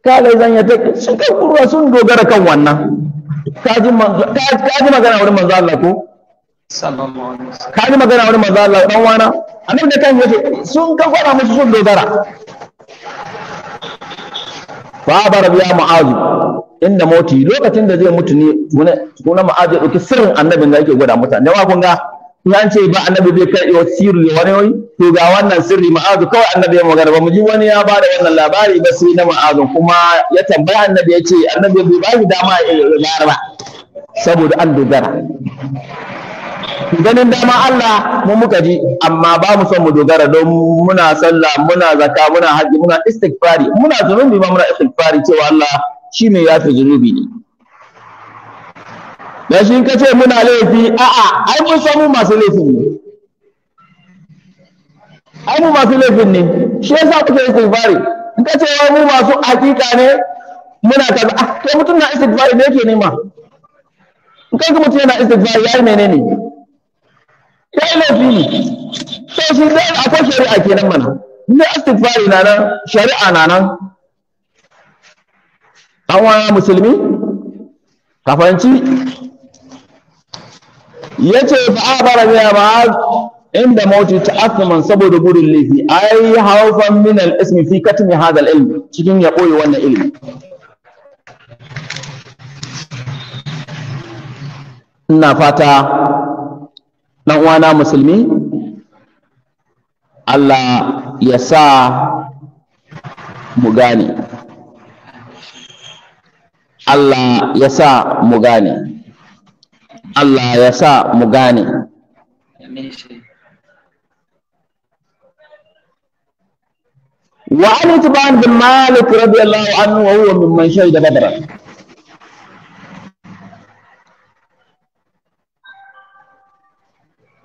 kada zan ya take sun kai kurwa sun dogara kan wannan kaji magana wurin manzo Allah ko kaji magana wurin manzo Allah dan wana annabi da kan yace sun ka fara musu sun dogara fa barabiya biya inda moti lokacin da zai mutu ne gona mu'azu ya dauki sirrin annabin da yake gwada mutane wa kun ga yan ce ba annabi bai kai wa sirri wani wai to ga wannan sirri ma'azu kawai annabi ya magana ba mu ji wani ya ba da wannan labari ba sai na ma'azu kuma ya tambaya annabi ya ce annabi bai ba shi dama ya labari ba saboda an dogara ganin dama Allah mu muka ji amma ba mu son mu dogara don muna sallah muna zakka muna haji muna istighfari muna zunubi ma muna istighfari cewa Allah shine ya fi zunubi ne dan shi ka ce muna laifi a'a ai mun san mu masu laifin ne ai mu masu laifin ne shi yasa kuke istighfari in ka ce wa mu masu hakika ne muna kaza ah kai mutum na istighfari ne yake nema in ka ga mutum yana istighfari yayi menene yayi laifi ne to shi zai akwai shari'a kenan mana ne istighfari na nan shari'a na nan an wani musulmi ka fahimci yace fa abara ya ba inda mauti ta'assuman saboda gudun laifi ai haufan min al-ismi fi katmi hadha al-ilm cikin ya boye wannan ilimi ina fata dan uwana musulmi Allah ya sa mu gane Allah ya sa mu gane Allah ya sa mu gane. Wa an ba da Malik radiyallahu anhu wa huwa min man shahida Badr.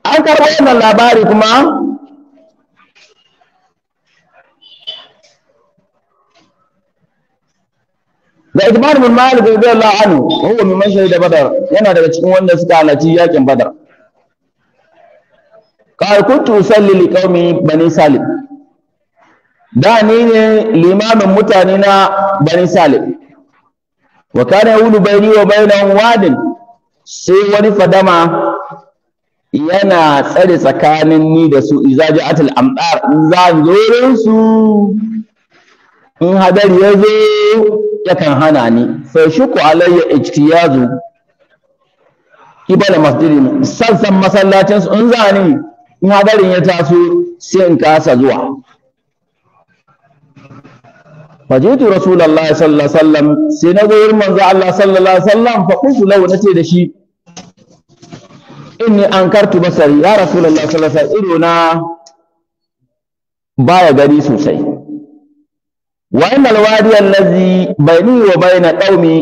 An karɓo wannan labari kuma da Ibn bin Malik Allah anu huwa min mashahid Badar yana daga cikin wanda suka halarci yakin Badar qal kuntu usalli li qaumi bani Salim da ni ne limamin mutane na bani Salim wa kana yulu bayni wa bainahum wadin sai wani fadama yana tsare tsakanin ni da su iza ja'atul amdar in za su in hadari ya zo yakan hana ni sai fa shuku alayya ijtiyazu kibala masjidin sassan masallacin su in zani in hadarin ya taso sai in kasa zuwa fajitu rasulullahi sallallahu alaihi wasallam sai na zo wurin manzo Allah sallallahu alaihi wasallam fa qultu lahu nace da shi inni ankartu basari ya rasulullahi sallallahu alaihi wasallam irona baya gari sosai wa inna alwadi allazi baini wa baina qaumi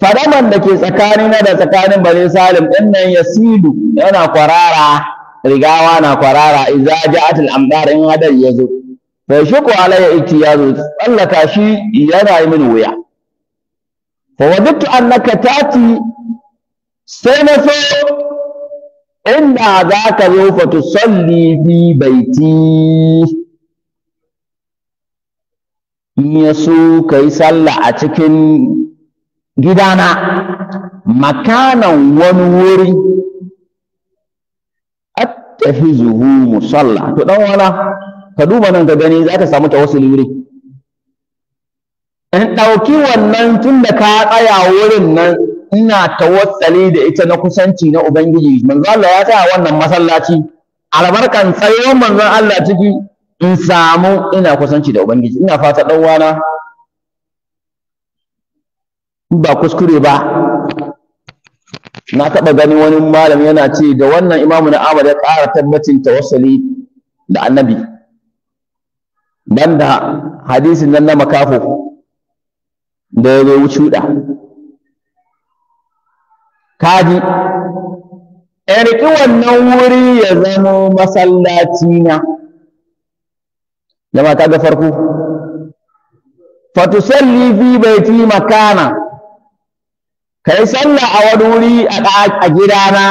fadaman da ke tsakanina na da tsakanin bani salim din nan yasilu yana kwarara rigawa na kwarara idza ja'at al-amdar in hadar yazo fa shuku alayya itiyazu tsallaka shi yana yi min wuya fa wadatu annaka tati sai na so inda za ka zo fa tusalli fi baiti in ya so ka yi sallah a cikin gidana makanan wani wuri tafi zuhu musalla to dan wala ka duba nan ka gani za ka samu ta wasu wuri in ɗauki wannan tun da ka tsaya wurin nan ina tawassali da ita na kusanci na ubangiji manzo Allah ya tsaya wannan masallaci albarkan tsayon manzon Allah ciki in samu ina kusanci da ubangiji ina fata dan wana ba kuskure ba na taɓa ganin wani malam yana ce da wannan imamu na Ahmad ya ƙara tabbacin tawassuli da annabi banda hadisin nan na makafo da ya zo wucuɗa kaji ya wannan wuri ya zama masallaci na jama ga farko fatusalli fi baiti makana kai sallah a wani wuri a gidana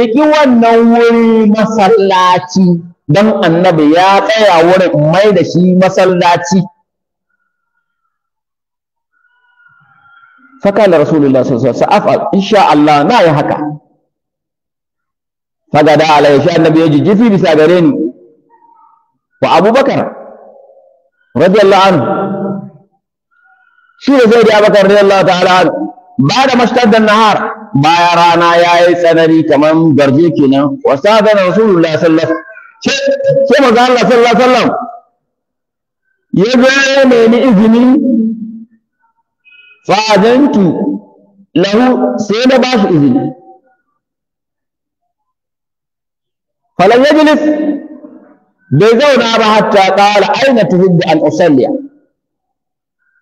riki wannan wuri masallaci don annabi ya tsaya wurin mai da shi masallaci fakala rasulullah sallallahu alaihi wasallam insha Allah na yi haka fagada alaihi annabi ya jijjifi bisa gare ni wa abubakar radiyallahu anhu shi ne zai da abakar radiyallahu ta'ala ba da mashtar nahar baya rana ya yi tsanani kamar garje kenan wa sadana rasulullahi sallallahu alaihi wasallam sai maza Allah sallallahu alaihi wasallam ya zo ya nemi izini fa'adantu lahu sai na ba shi izini falan yajlis bai zauna ba hatta ƙara aina tuhibbu an usalliya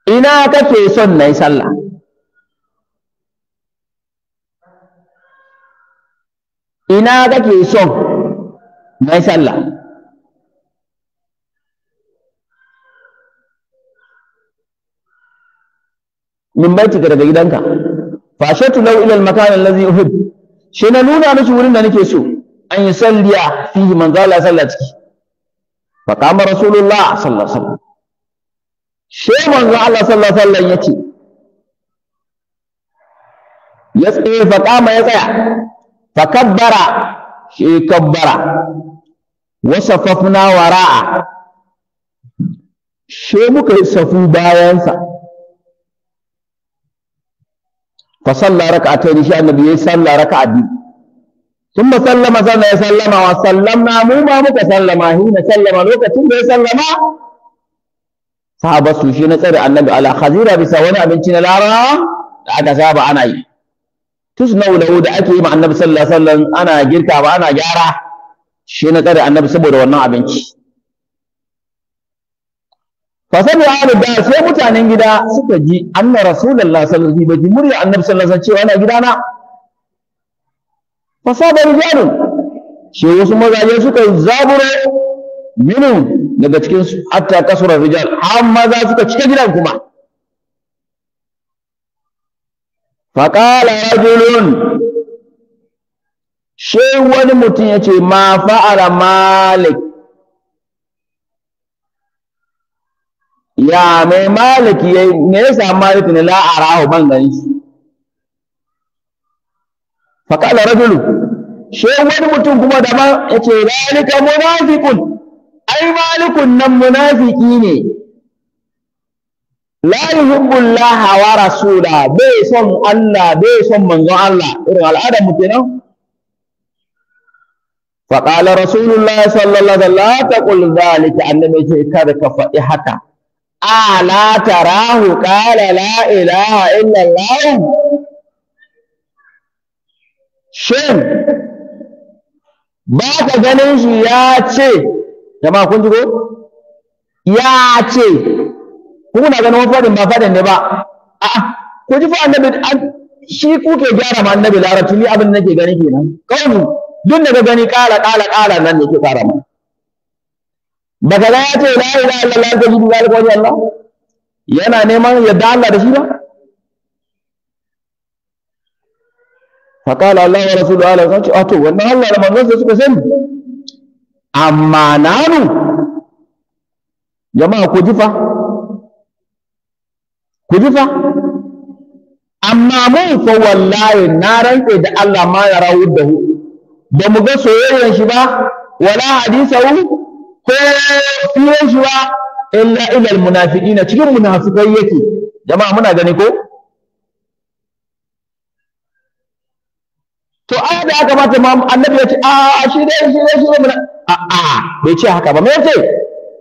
ina kake son na yi sallah ina kake son na yi sallah min baiti daga gidanka fashatu lau ila al-makan allazi uhib shi na nuna miki wurin da nake so an yi salliya fihi manzala sallah ciki fa kama rasulullah sallallahu alaihi wasallam she manzo Allah sallallahu alaihi wasallam yace ya tsaye fa ya tsaya fa kabbara shi kabbara wa safafna wara'a she muka yi safu bayansa fa biyu sallama ثم ya sallama, wa وسلمنا مو ما muka sallama na sallama lokacin da ya sallama sahaba su shi na tsare annabi ala khazira bisa wani abinci na larawa da aka saba ana yi tusnau lahu da ake yi ma annabi sallallahu alaihi wasallam ana girka ba ana gyara shi na tsare annabi saboda wannan abinci fasabi ahlu da sai mutanen gida suka ji anna rasulullahi sallallahu alaihi wasallam murya annabi sallallahu alaihi wasallam cewa ana gidana fasaba rijalun shi wasu mazaje suka zaburo minu daga cikin su hatta kasura rijal har maza suka cika gidan kuma faqala rajulun shi wani mutum ya ce ma fa'ala malik ya mai maliki ya yi me ne la ban gani shi faƙala rajulu shi wani mutum kuma daban ya ce zalika munafiqun ai malikun nan munafiki ne la yuhibbu Allah wa rasula bai son Allah bai son manzon Allah irin al'adar mu kenan faƙalar rasulullah sallallahu alaihi la taqul zalika annabi ce kada ka faɗi haka ala tarahu qala la illallah shin ba ka ganin shi ya ce jama'a kun ji ko ya ce ku na ganin wani fadin ba fadin ne ba a ku ji fa annabi shi kuke gyara ma annabi larabci ni abin da nake gani kenan kawai duk daga gani kala kala kala nan ne ke fara mana daga ya ce la ilaha illallah ta jibi zalika wajh Allah yana neman yadda Allah da shi ba faƙala Allah wa rasulu ala sun ce ah, to wannan Allah da manzansa suka sani amma nanu jama'a ku jifa ku jifa amma mun fa wallahi na rantse da Allah ma ya rawu da hu ba mu ga soyayyar shi ba wala hu, ko fiyan shi ba illa ilal na cikin munafikai yake jama'a muna gani ko da ya kamata ma annabi ya ce ah, a shi dai shi dai shi dai a a bai ce haka ba me yace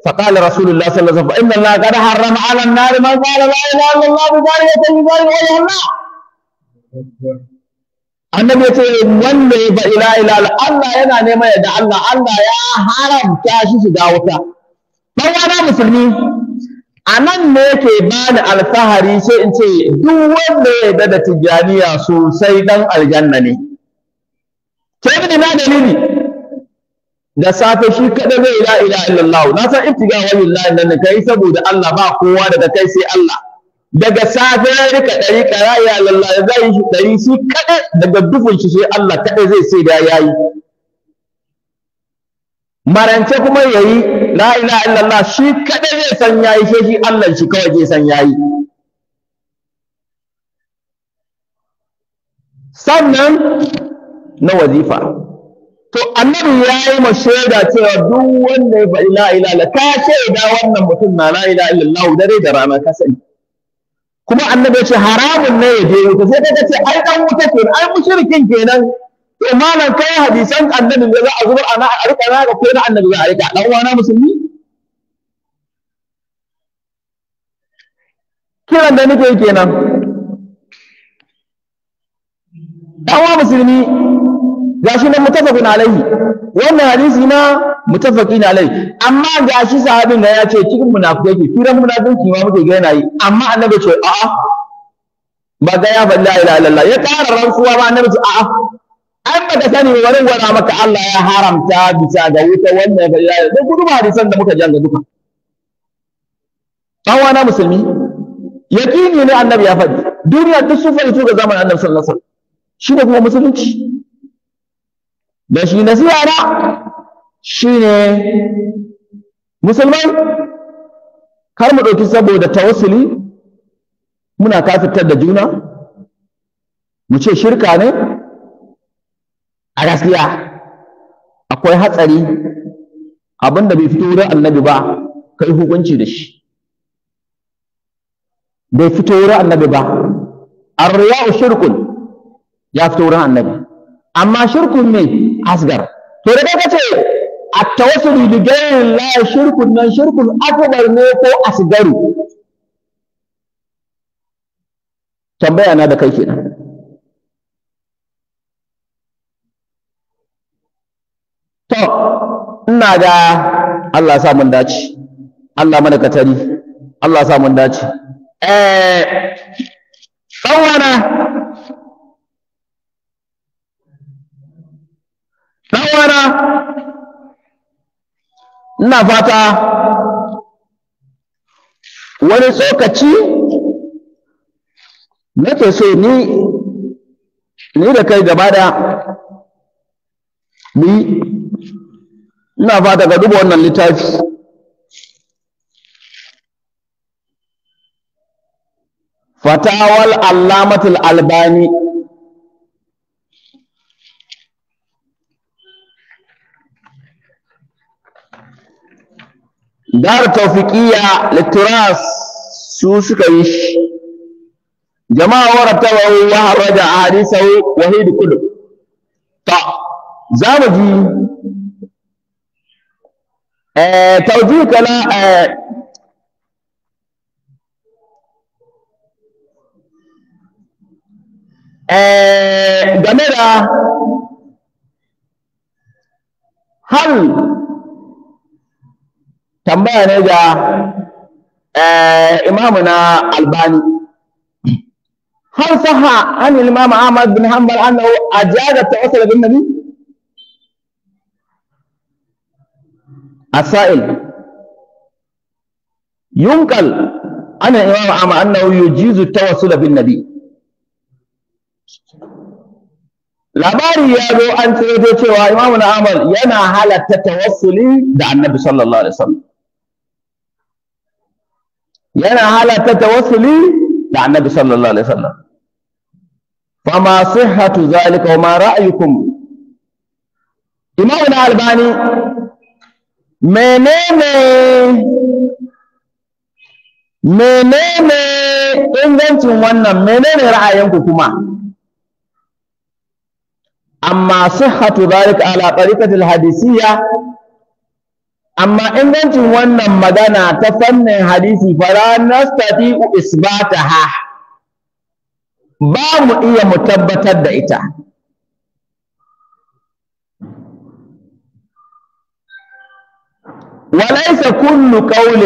fa qala rasulullah sallallahu alaihi wasallam inna allaha qad harrama ala an-nar man qala la ilaha illallah bi dhalika bi dhalika Allah annabi ya ce wanda ya ba ila ila Allah yana neman yadda Allah Allah ya haramta shi shiga wuta dan wani musulmi a nan ne yake bani alfahari sai in ce duk wanda ya yarda da tijjaniya sosai dan aljanna ne sai da na dalili da safe shi kada zai la ilaha illallah na san ibtiga wa lillahi nan kai saboda Allah ba kowa daga kai sai Allah daga safe ya rika dari kara ya Allah ya zai shi dari shi kada daga dufin shi sai Allah kada zai sai da yayi marance kuma yayi la ilaha illallah shi kada zai san yayi shi Allah shi kawai zai san yayi sannan na wazifa to annabi ya yi ma shaida cewa duk wanda ya faɗi la ilaha illa ka shaida wannan mutum na la ilaha illallah dare da rana ka sani kuma annabi ya ce haramun ne ya je wuta sai ta ce ai dan wuta ke ai mushrikin kenan to malam kai hadisan annabi da za a zubar ana a rika na ga kai na annabi za a rika dan uwana musulmi kiran da nake kenan dawa musulmi gashi nan mutafaqun alaihi wannan hadisi na mutafaqin alaihi amma gashi sahabin da ya ce cikin munafiki ke firan munafiki ma muke ga yi amma annabi ce a'a ba ga ya faɗi ila ilaha ya ƙara rantsuwa ba annabi ce a'a an baka sani wani gwada maka Allah ya haramta bisa ga wuta wannan ya faɗi la ilaha gudu hadisan da muka janga duka dan na musulmi yakini ne annabi ya faɗi duniya duk sun faɗi to ga zamanin annabi sallallahu alaihi wasallam shi ne kuma musulunci da shi nasiha na shi ne musulmai kar mu ɗauki saboda tawassuli muna kafitar da juna mu ce shirka ne a gaskiya akwai hatsari abin da bai fito wurin annabi ba kai hukunci da shi bai fito wurin annabi ba arriya'u shirkun ya fito wurin annabi amma shirkun ne asgar to da kaga ce at-tawassul bi ghayri la shirkun nan shirkun akbar ne ko asgaru tambaya na da kai kenan to ina ga Allah ya sa mun dace Allah mana katari Allah ya sa mun dace eh tsawana Ɗanwana ina fata wani tsokaci nake so ni ni da kai gaba da ni ina fata ga duba wannan littafi fatawal allamatul albani dar tawfiqiyya litturas su suka yi shi jama'a wa rattabahu wa harraja ahadisahu wa hid kullu ta mu ji eh tawjih kala eh, eh game da hal tambaya ne da imamu na albani har saha an imamu ahmad bin hanbal annahu حنبل أنه bin nabi asail yunkal an imamu ahmad annahu yujizu tawassul bin nabi labari ya zo an tsoro cewa imamu na ahmad yana halatta tawassuli da annabi sallallahu alaihi wasallam yana halatta tawassuli da annabi sallallahu alaihi wasallam fama sihhatu zalika wa ma ra'ayukum imam al-albani menene menene ingancin wannan menene ra'ayinku kuma amma sihhatu zalika ala tariqati al-hadisiyya amma ingancin wannan magana ta fannin hadisi fara nastati'u isbataha ba mu iya mu tabbatar da ita وليس كل قول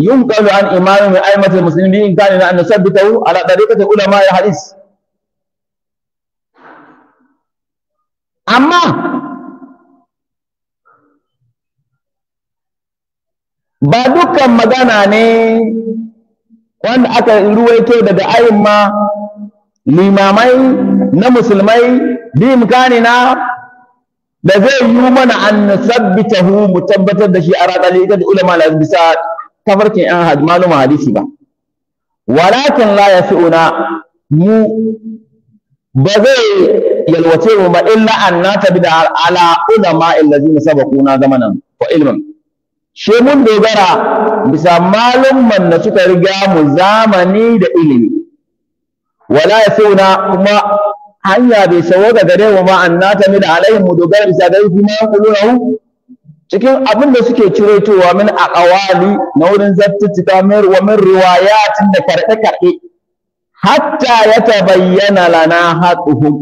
ينقل عن امام من ائمه المسلمين بامكاننا ان نثبته على طريقه علماء الحديث amma ba dukkan magana ne wanda aka ruwaito daga ma. limamai na musulmai na da zai yi mana an nasabbitahu mu tabbatar da shi a ratsali ita ulama la bisa tafarkin yan hajmanu hadisi ba walakin la yasuna mu ba zai yalwace mu ba illa an nata bi da ala ulama allazi sabaquna zamanan wa ilman shi mun dogara bisa malumman da suka riga mu zamani da ilimi wala yasuna kuma hanya bai sawo da gare mu ma annata min alaihi mu dogara bisa ga su ma hu cikin abin da suke ciretowa min aqawali na wurin zattuka min wa min riwayatin da karɗe karɗe hatta tabayyana lana haquhum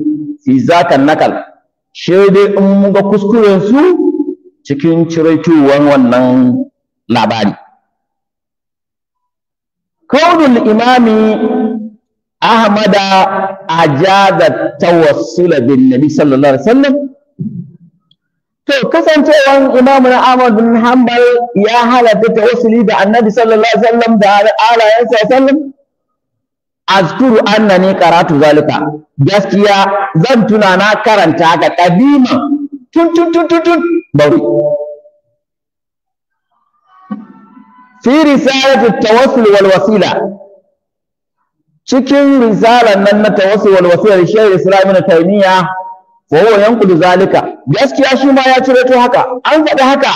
fi zakan nakal shi dai in mun ga kuskuren su cikin ciraituwan wannan labari kaunul imami ahmada ajada tawassula bin nabi sallallahu alaihi wasallam to kasancewan imamu na ahmad bin hanbal ya halatta tawassuli da annabi sallallahu alaihi wasallam da alayansa sallallahu azkuru annani karatu zalika gaskiya zan tuna na karanta ga kadima tun tun tun tun bari fi risalatu tawassul wal wasila cikin risalan nan na tawassul wal wasila shehu islam ibn taymiya wa huwa yanqulu zalika gaskiya shi ma ya cire to haka an faɗi haka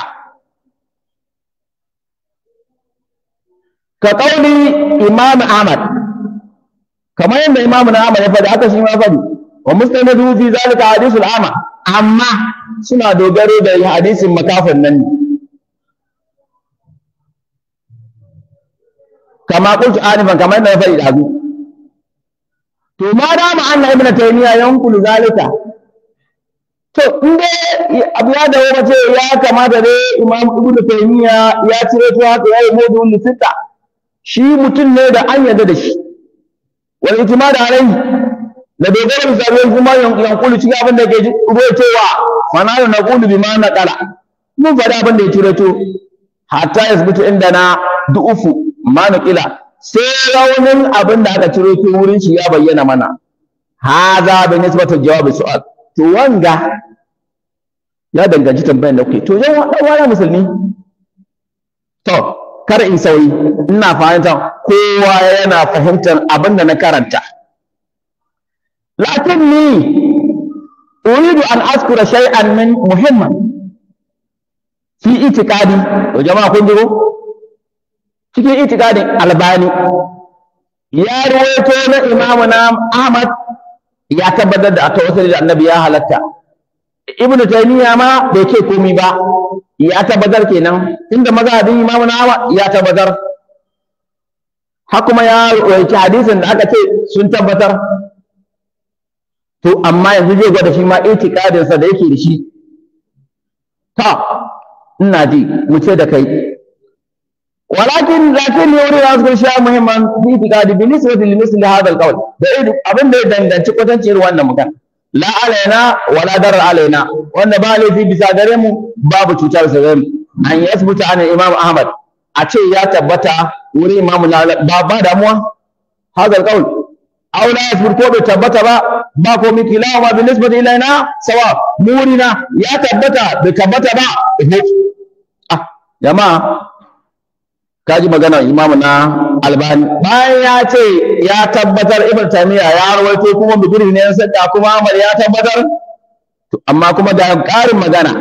ka kauli imam ahmad kamar yadda imam ahmad ya faɗi haka shi ma faɗi wa mustanaduhu fi zalika hadithul ama amma suna dogaro da hadisin makafin nan ne. kama kuntu anifan kamar yadda na faɗi ɗazu to ma dama anna ibn taymiya yankulu zalika to in dai abu ya dawo mace ya kamata dai imam ibn taymiya ya cire to haka ya yi mawdu'un sitta shi mutum ne da an yarda da shi wal ijma da alai na dogara bi kuma yankulu cikin abin da ke rotowa mana na kulu bi ma na kala mun faɗi abin da ya turato hatta ya zubuta inda na du'ufu ma na kila sai raunin abin da aka turato wurin shi ya bayyana mana Ha a bayyana nisbatu jawabi su'al to wanga ya danganci tambayar da kuke to yan ɗan musulmi to kar in sauri ina fahimta kowa yana fahimtar abin da na karanta lakinni uridu an askura shay'an min muhimman fi itikadi to jama'a kun ji ko cikin itikadin albani ya ruwaito na imamu na ahmad ya tabbatar da tawassuli da annabi ya halatta ibnu taymiya ma bai ce komai ba ya tabbatar kenan inda mazhabin imamu na ahmad ya tabbatar har ya rawaita hadisin da aka ce sun tabbatar to amma yanzu zai gwada shi ma itikadin sa da yake da shi ta ina ji mu ce da kai walakin lakin yuri azkur shi muhimman itikadi bi nisbati li misli hadha alqawl da abin da ya danganci irin wannan magana la alaina wala darar alaina wanda ba laifi bisa gare mu babu cutar sa gare mu an yasbuta ana imam ahmad a ce ya tabbata wuri imam ba ba damuwa hadha alqawl aw la yafur ko bai tabbata ba ba ko mi kilahuma bi nisbati ilaina sawa murina ya tabbata bai tabbata ba ah jama'a kaji magana imamu na albani bayan ya ce ya tabbatar ibn tamiya ya rawaito kuma bidiri ne yan sadda kuma amal ya tabbatar amma kuma da ƙarin magana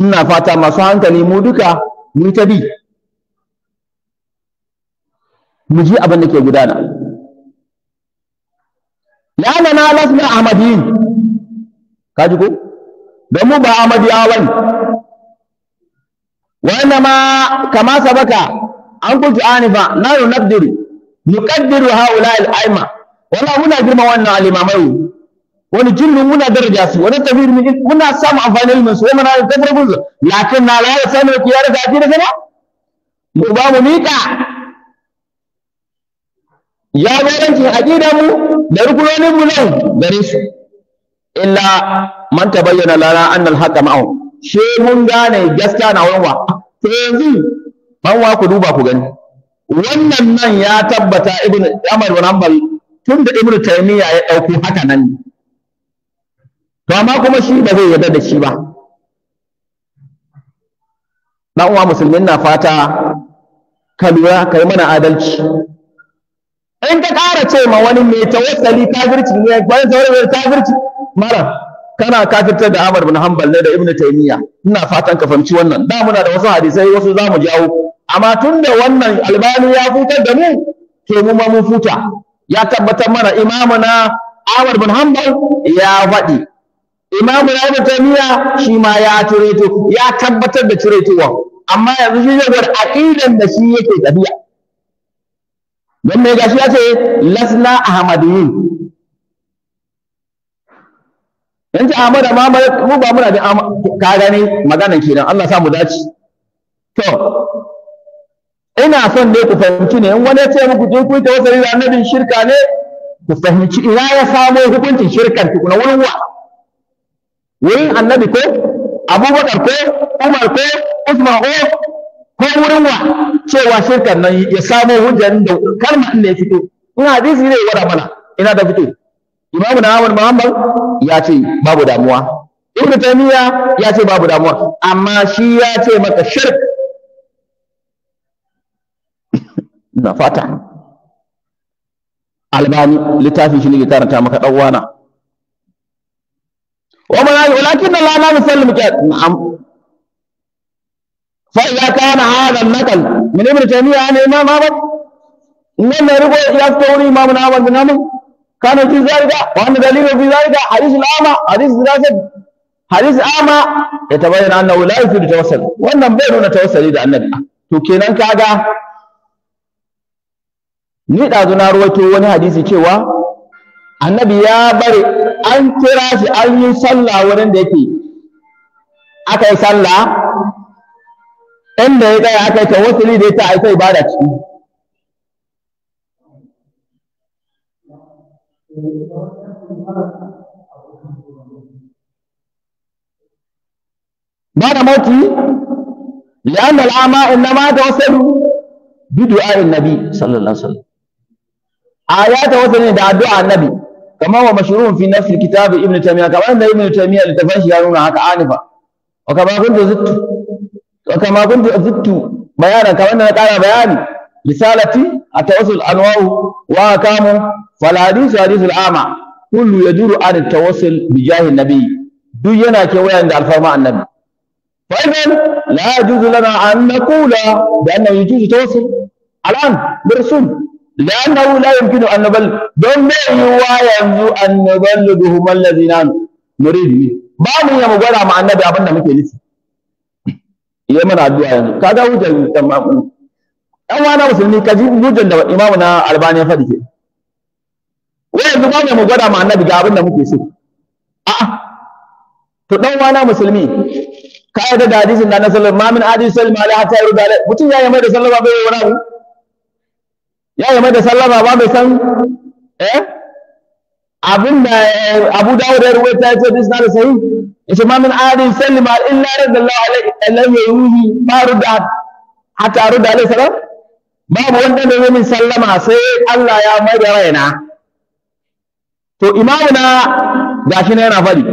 ina fata masu hankali mu duka mu ta bi mu ji abin da ke gudana lana na lasna ahmadiyin kaji ko don mu ba ahmadiyawa ne wanda ma kama sabaka an kuntu anifa na yi nabdiru nukaddiru haula al'aima wala muna girma wannan alimamai wani jirgin muna daraja su wani tafiyar mu. muna samun amfani ilmin su wani da tafiyar guzu lakin na lalata sani da kiyar da ake da sana? mu ba mu miƙa ya a aƙidar mu da rukunonin mu nan gare su illa man tabayyana lana annal haqa ma'a she mun gane gaskiya na wanwa to yanzu banwa ku duba ku gani wannan nan ya tabbata ibn Ahmad wa nambal tun da ibn Taymiya ya dauko haka nan to amma kuma shi ba zai yarda da shi ba dan uwa musulmin na fata ka lura kai mana adalci in ka kara ce ma wani mai tawassali kafirci ne wani ta kafirci mara kana kafirtar da Ahmad bin Hanbal ne da Ibn ina fatan ka fahimci wannan da muna da wasu hadisai wasu za mu jawo amma da wannan Albani ya futar da mu to mu ma mun futa ya tabbatar mana imamuna Ahmad bin Hanbal ya faɗi na Ibn Taymiya shi ma ya ya tabbatar da ciretowa amma yanzu shi zai gwada aqidan da shi yake tafiya don mai gashi ya ce lasna ahmadiyyin yanzu Ahmad da Muhammad mu ba muna da ka magana ke kenan Allah sa mu dace to ina son ne ku fahimci ne in wani ce muku je ku ta wasu da annabin shirka ne ku fahimci ina ya samo hukuncin shirkar ku na wurin wa wurin annabi ko Abubakar ko Umar ko Usman ko ko wurin wa cewa shirkan nan ya samo hujjar da kalmar ne ya fito in hadisi ne ya mana ina da fito imamu na Ahmad Muhammad ya ce babu damuwa ibnu taymiya ya ce babu damuwa amma shi ya ce maka shirk na fata albani littafin shi ne karanta maka dan wana wa ma walakin la na musallim na'am فإذا كان هذا النقل من ابن تيمية عن الإمام أحمد إنما يروي يفتون إمام أحمد بن حنبل كان في ذلك وأن دليل في ذلك حديث الأعمى حديث دراسة حديث أعمى يتبين أنه لا يفيد التوسل وأن بين التوسل إلى النبي تكينا كذا ni ɗazu na ruwaito wani hadisi cewa annabi ya bari an kira shi an yi sallah wurin da yake aka yi sallah inda ya tsaya aka ce wasu ne da ya ta aika ibada Ba da mawuti, ya an al’ama inna ma ta wasu ne bidu a yin nabi sallallahu alaihi wasallam. A ta wasu da addu’a annabi, kamar wa mashirun fi nafi kitabu Ibn Tamiya, kamar da Ibn Tamiya littafin shi ya nuna haka anifa, wa kamar kun da وكما كنت أزدت بيانا كما أننا كان بياني رسالتي التوسل أنواع وأكام فالحديث حديث العامة كل يدور عن التوسل بجاه النبي دينا كوي عند الفرماء النبي فإذا لا يجوز لنا أن نقول بأنه يجوز التوسل الآن برسول لأنه لا يمكن أن نبل دون يوايا أن نبلغهم الذين نريد منه ba mu iya mu gwada ma annabi abin yi mana addu'a yanzu kaga hujjar imamu ɗan wani musulmi kaji hujjar da imamu na albani ya faɗi ke wai yanzu ba mu gwada ma annabi ga abin da muke so a'a to ɗan wani musulmi ka yarda da hadisin da na sallar ma min hadisi sallama alaihi hatta yarda alaihi mutum ya yi mai da sallama bai wani abu ya yi mai da sallama ba bai san eh abin da Abu Dawud ya ruwaita ya ce hadisi na da sahih yace ma min adin sallima illa radallahu alaihi lam yuhi ma rudda hatta rudda alaihi salam babu wanda da min sallama sai Allah ya mai da raina to imamuna gashi ne yana fadi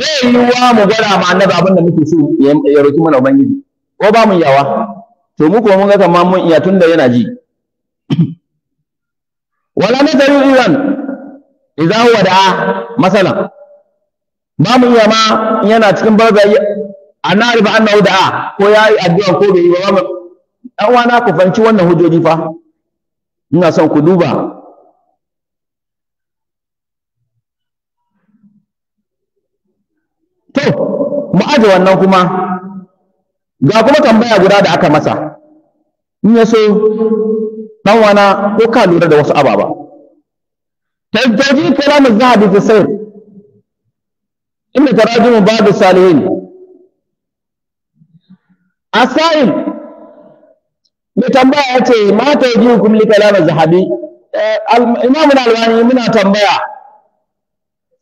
bai yi wa mu gwada ma annabi abin da muke so ya roki mana ubangiji ko ba mu yawa to mu kuma mun ga kamar mun iya tunda yana ji wala nadaru iwan idza wada masalan ba mu iya ma yana cikin barza a na riba an nahu a ko ya yi addu'a ko bai yi ba ba ɗan wana ku fanci wannan hujjoji fa ina son ku duba to mu aje wannan kuma ga kuma tambaya guda da aka masa in ya so ɗan wana ko ka lura da wasu ababa tafi kalamun zahabi fi sayar inda mu babu salihin asa'in mai tambaya ya ce mata yi hukum li kalam zahabi eh, imamu alwani muna tambaya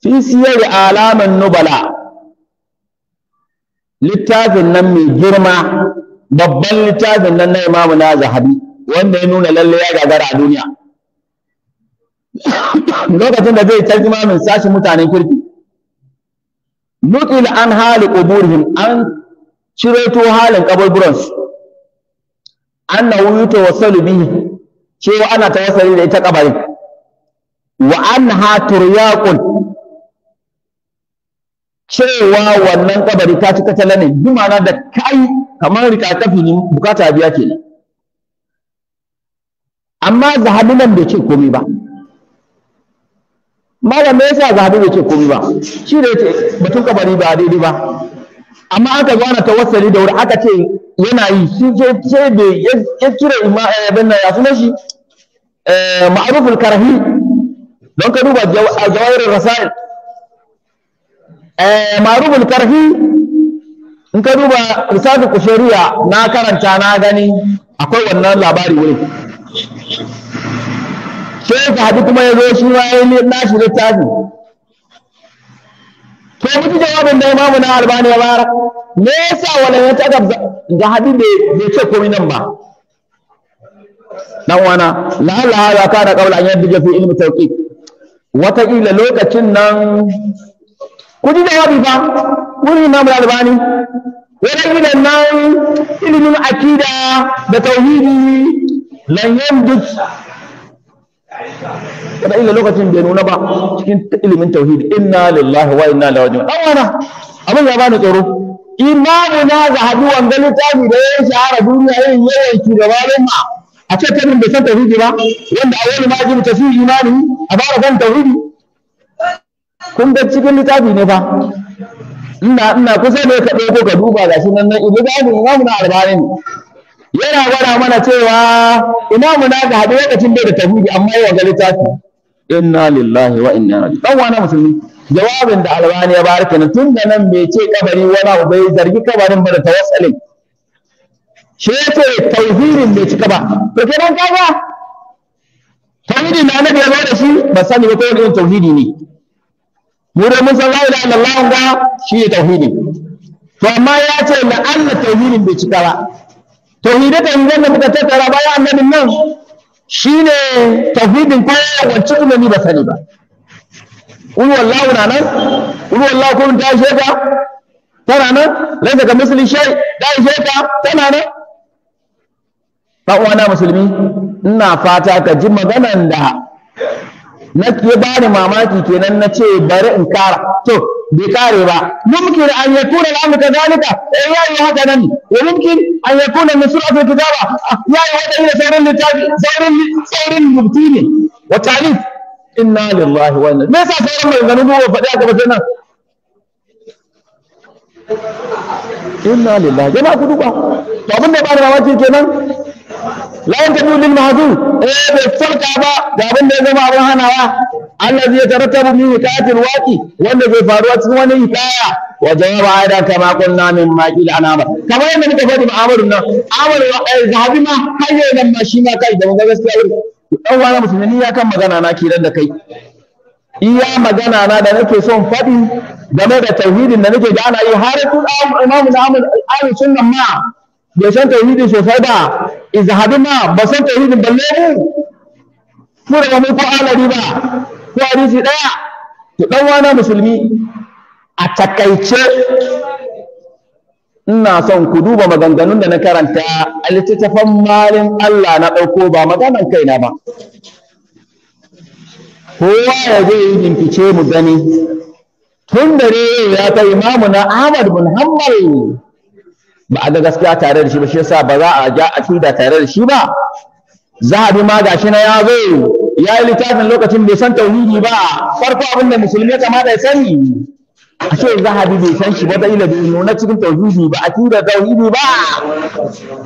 fi siyar alaman nubala littafin nan mai girma babban littafin nan na imamu na zahabi wanda ya nuna lalle ya gagara a duniya lokacin da zai tarjima min sashi mutanen kirki nukil an hali quburihim an cireto halin an su ta wasu bihi cewa ana tawassali da ita ƙabarin. wa an ha turyaqun cewa wannan ƙabari ta cika tala ne da kai kamar rikakafi ne bukata biya kenan amma zahabi nan bai ce komai ba malam sa yasa zahabi bai ce komai ba shi da yake batun kabari ba daidai ba amma aka gwana tawassali da wuri aka ce yana yi shi ce ce bai ya kira ima eh, ibn ya sunan shi eh, ma'arufin karhi don ka duba jawairin rasail eh, Ma'arufin karhi in ka duba risafi kushariya na karanta na gani akwai wannan labari wuri sai haɗu kuma ya zo shi ma ya yi nashi littafi to mutu jawabin da imamu na albani ya bara me yasa wala ya ta da haɗu bai ce komai nan ba dan wana la'alla hada kana qabla an yadda fi ilmi tawqiq wata kila lokacin nan kuji jawabi fa wurin imamu albani Wani kila nan ilimin akida da tauhidi lan yamdus kada ila lokacin bai nuna ba cikin ilimin tauhidi? inna lillahi wa inna ilaihi raji'un awana abin ya bani tsoro imamu na zahabi wanga littafi da ya shahara duniya yin yawan shugabanin ma a ce ta bai san tauhidi ba wanda a wani ma jibu tafi imani a fara kan tauhidi kun ga cikin littafi ne fa ina ina kusa ne ka ɗauko ka duba ga shi nan nan littafin imamu na arba'in yana gwada mana cewa ina mu na ga haɗu lokacin bai da tauhidi amma yawa ga littafi inna lillahi wa inna ilaihi dan wani musulmi jawabin da albani ya bayar ne tun da nan me ce kabari wala ubai zargi kabarin ba da tawassalin shi ya ce tauhidin bai cika ba to kenan kaga tauhidin na annabi ya da shi ba sani ba ko wani tauhidi ne mu da mun san la ilaha illallah ga shi ne tauhidi to amma ya ce la'alla tauhidin bai cika ba tauhidatan wanda muka tattara bayan annabin nan shine tauhidin kowa wacce kuma ni ba sani ba qul wallahu na nan qul wallahu kun ta sheka tana nan laisa ka misli ta da sheka tana nan dan musulmi ina fata ka ji maganan da na nake bani mamaki kenan na ce bari in kara to bai kare ba mumkin an yakuna al'amru kadhalika eh haka nan wa mumkin an yakuna min sur'ati kitaba ah, yayi haka ne sauran littafi sauran sauran mubti ne wa ta'lif inna lillahi wa inna me yasa sauran mai ganin gobe faɗi aka bace nan inna lillahi yana la yantadu lil mahdu eh da farka ba ga abin da ya zama abin hanawa zai tarattabu min hikayati waqi wanda zai faruwa cikin wani hikaya wa jawaba aidan kama kunna min ma anama kamar yadda muka faɗi ma'amalu nan amalu eh, zahabi ma hayya nan ma shi ma kai da mun ga gaskiya dan wani musulmi ya kan magana na kiran da kai iya magana na da nake son faɗi game da tauhidin da nake da ana yi har kun imamu na al-sunnah ma bai san tauhidin sosai ba izhaduna ba san tauhidin balle mu mu da mu ko alari ba ko hadisi daya to dan musulmi a takaice ina son ku duba maganganun da na karanta a littattafan malin Allah na ɗauko ba maganan kaina ba kowa ya je yi bincike mu gani tun dare ya ta imamu na Ahmad bin Hanbal ba a ga gaskiya tare da shi ba shi yasa ba za a ja a cuda tare da shi ba Za a bi ma gashi na yazo ya yi littafin lokacin bai san tauhidi ba farko abin da musulmi ya kamata ya sani a ce zahabi bai san shi ba da ila bai nuna cikin tauhidi ba a tuda tauhidi ba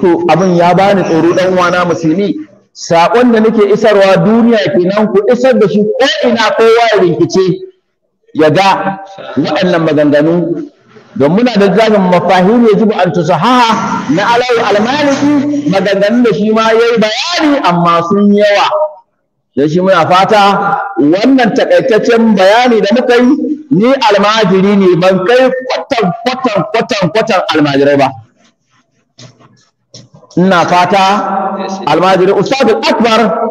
to abin ya bani tsoro dan uwana musulmi sakon da nake isarwa duniya kenan ku isar da shi ko ina kowa ya rinkice ya ga waɗannan maganganu don muna da zafin mafahim ya zuba an tusahaha na alawi almaliki maganganun da shi ma ya yi bayani amma sun yawa da shi muna fata wannan takaitaccen bayani da muka yi ni almajiri ne ban kai kwatan kwatan kwatan kwatan almajirai ba ina fata almajiri ustadul akbar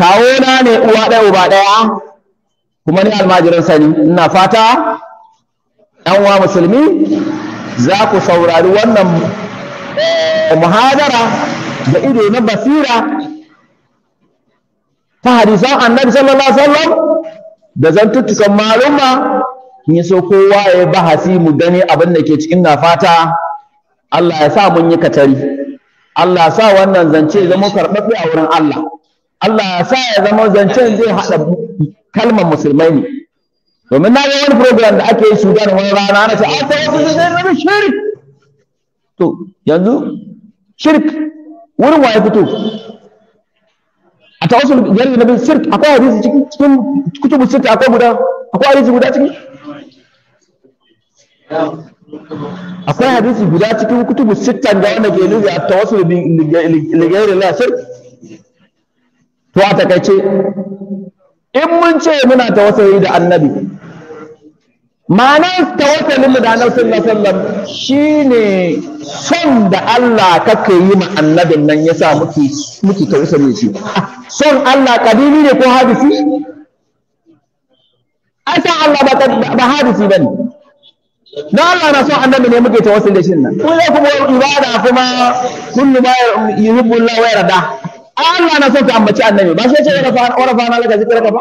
kawo na ne uwa ɗaya uba ɗaya kuma ni almajirin sani ina fata wa musulmi za ku saurari wannan muhadara da ido na basira ta hadisan annabi sallallahu alaihi wasallam da zantuttukan maluma in so kowa ya bahasi mu gani abin da ke cikin na fata Allah ya sa mun yi katari Allah ya sa wannan zance zama karɓaɓɓe a wurin Allah Allah ya sa ya zama zancen zai haɗa kalmar musulmai ne domin na ga wani program da ake yi gani wani rana na ce a ta wasu zai zama shirk to yanzu shirk wurin waye fito a ta wasu gari na bin shirk akwai hadisi cikin cikin kutubu shirk akwai guda akwai hadisi guda ciki akwai hadisi guda cikin kutubu sittan da wanda ke nufi a ta wasu ligayar na shirk to a takaice in mun ce muna ta wasu da annabi ma'anar tawakkalin da annabi sallallahu alaihi wasallam shine son da Allah kake yi ma annabin nan yasa muke muke tawassuli shi son Allah kadimi ne ko hadisi asa Allah ba ba hadisi bane dan Allah na son annabi ne muke tawassuli da shi nan ko ya kuma ibada kuma kullu ma yuhibbu Allah wa yarda Allah na son ka ambaci annabi ba sai ce wara fa wara fa na laka zikraka ba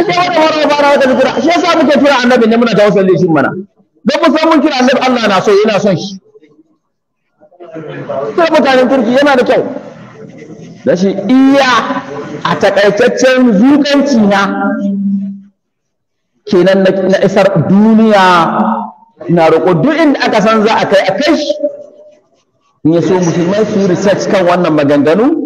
ashe wannan wani fara wata fitina shi yasa muke kira annabi ne muna ta wasan shi mana don mu san mun kira annabi Allah na so yana son shi sai mutanen turki yana da kyau da shi iya a takaitaccen zukanci na kenan na isar duniya na roƙo duk inda aka san za a kai a kai in ya so musulmai su yi research kan wannan maganganu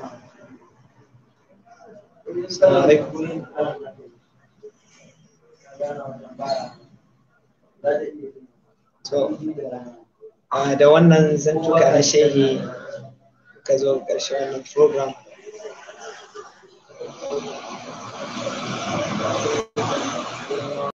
da wannan zantuka na shehi ka zo ƙarshen wannan program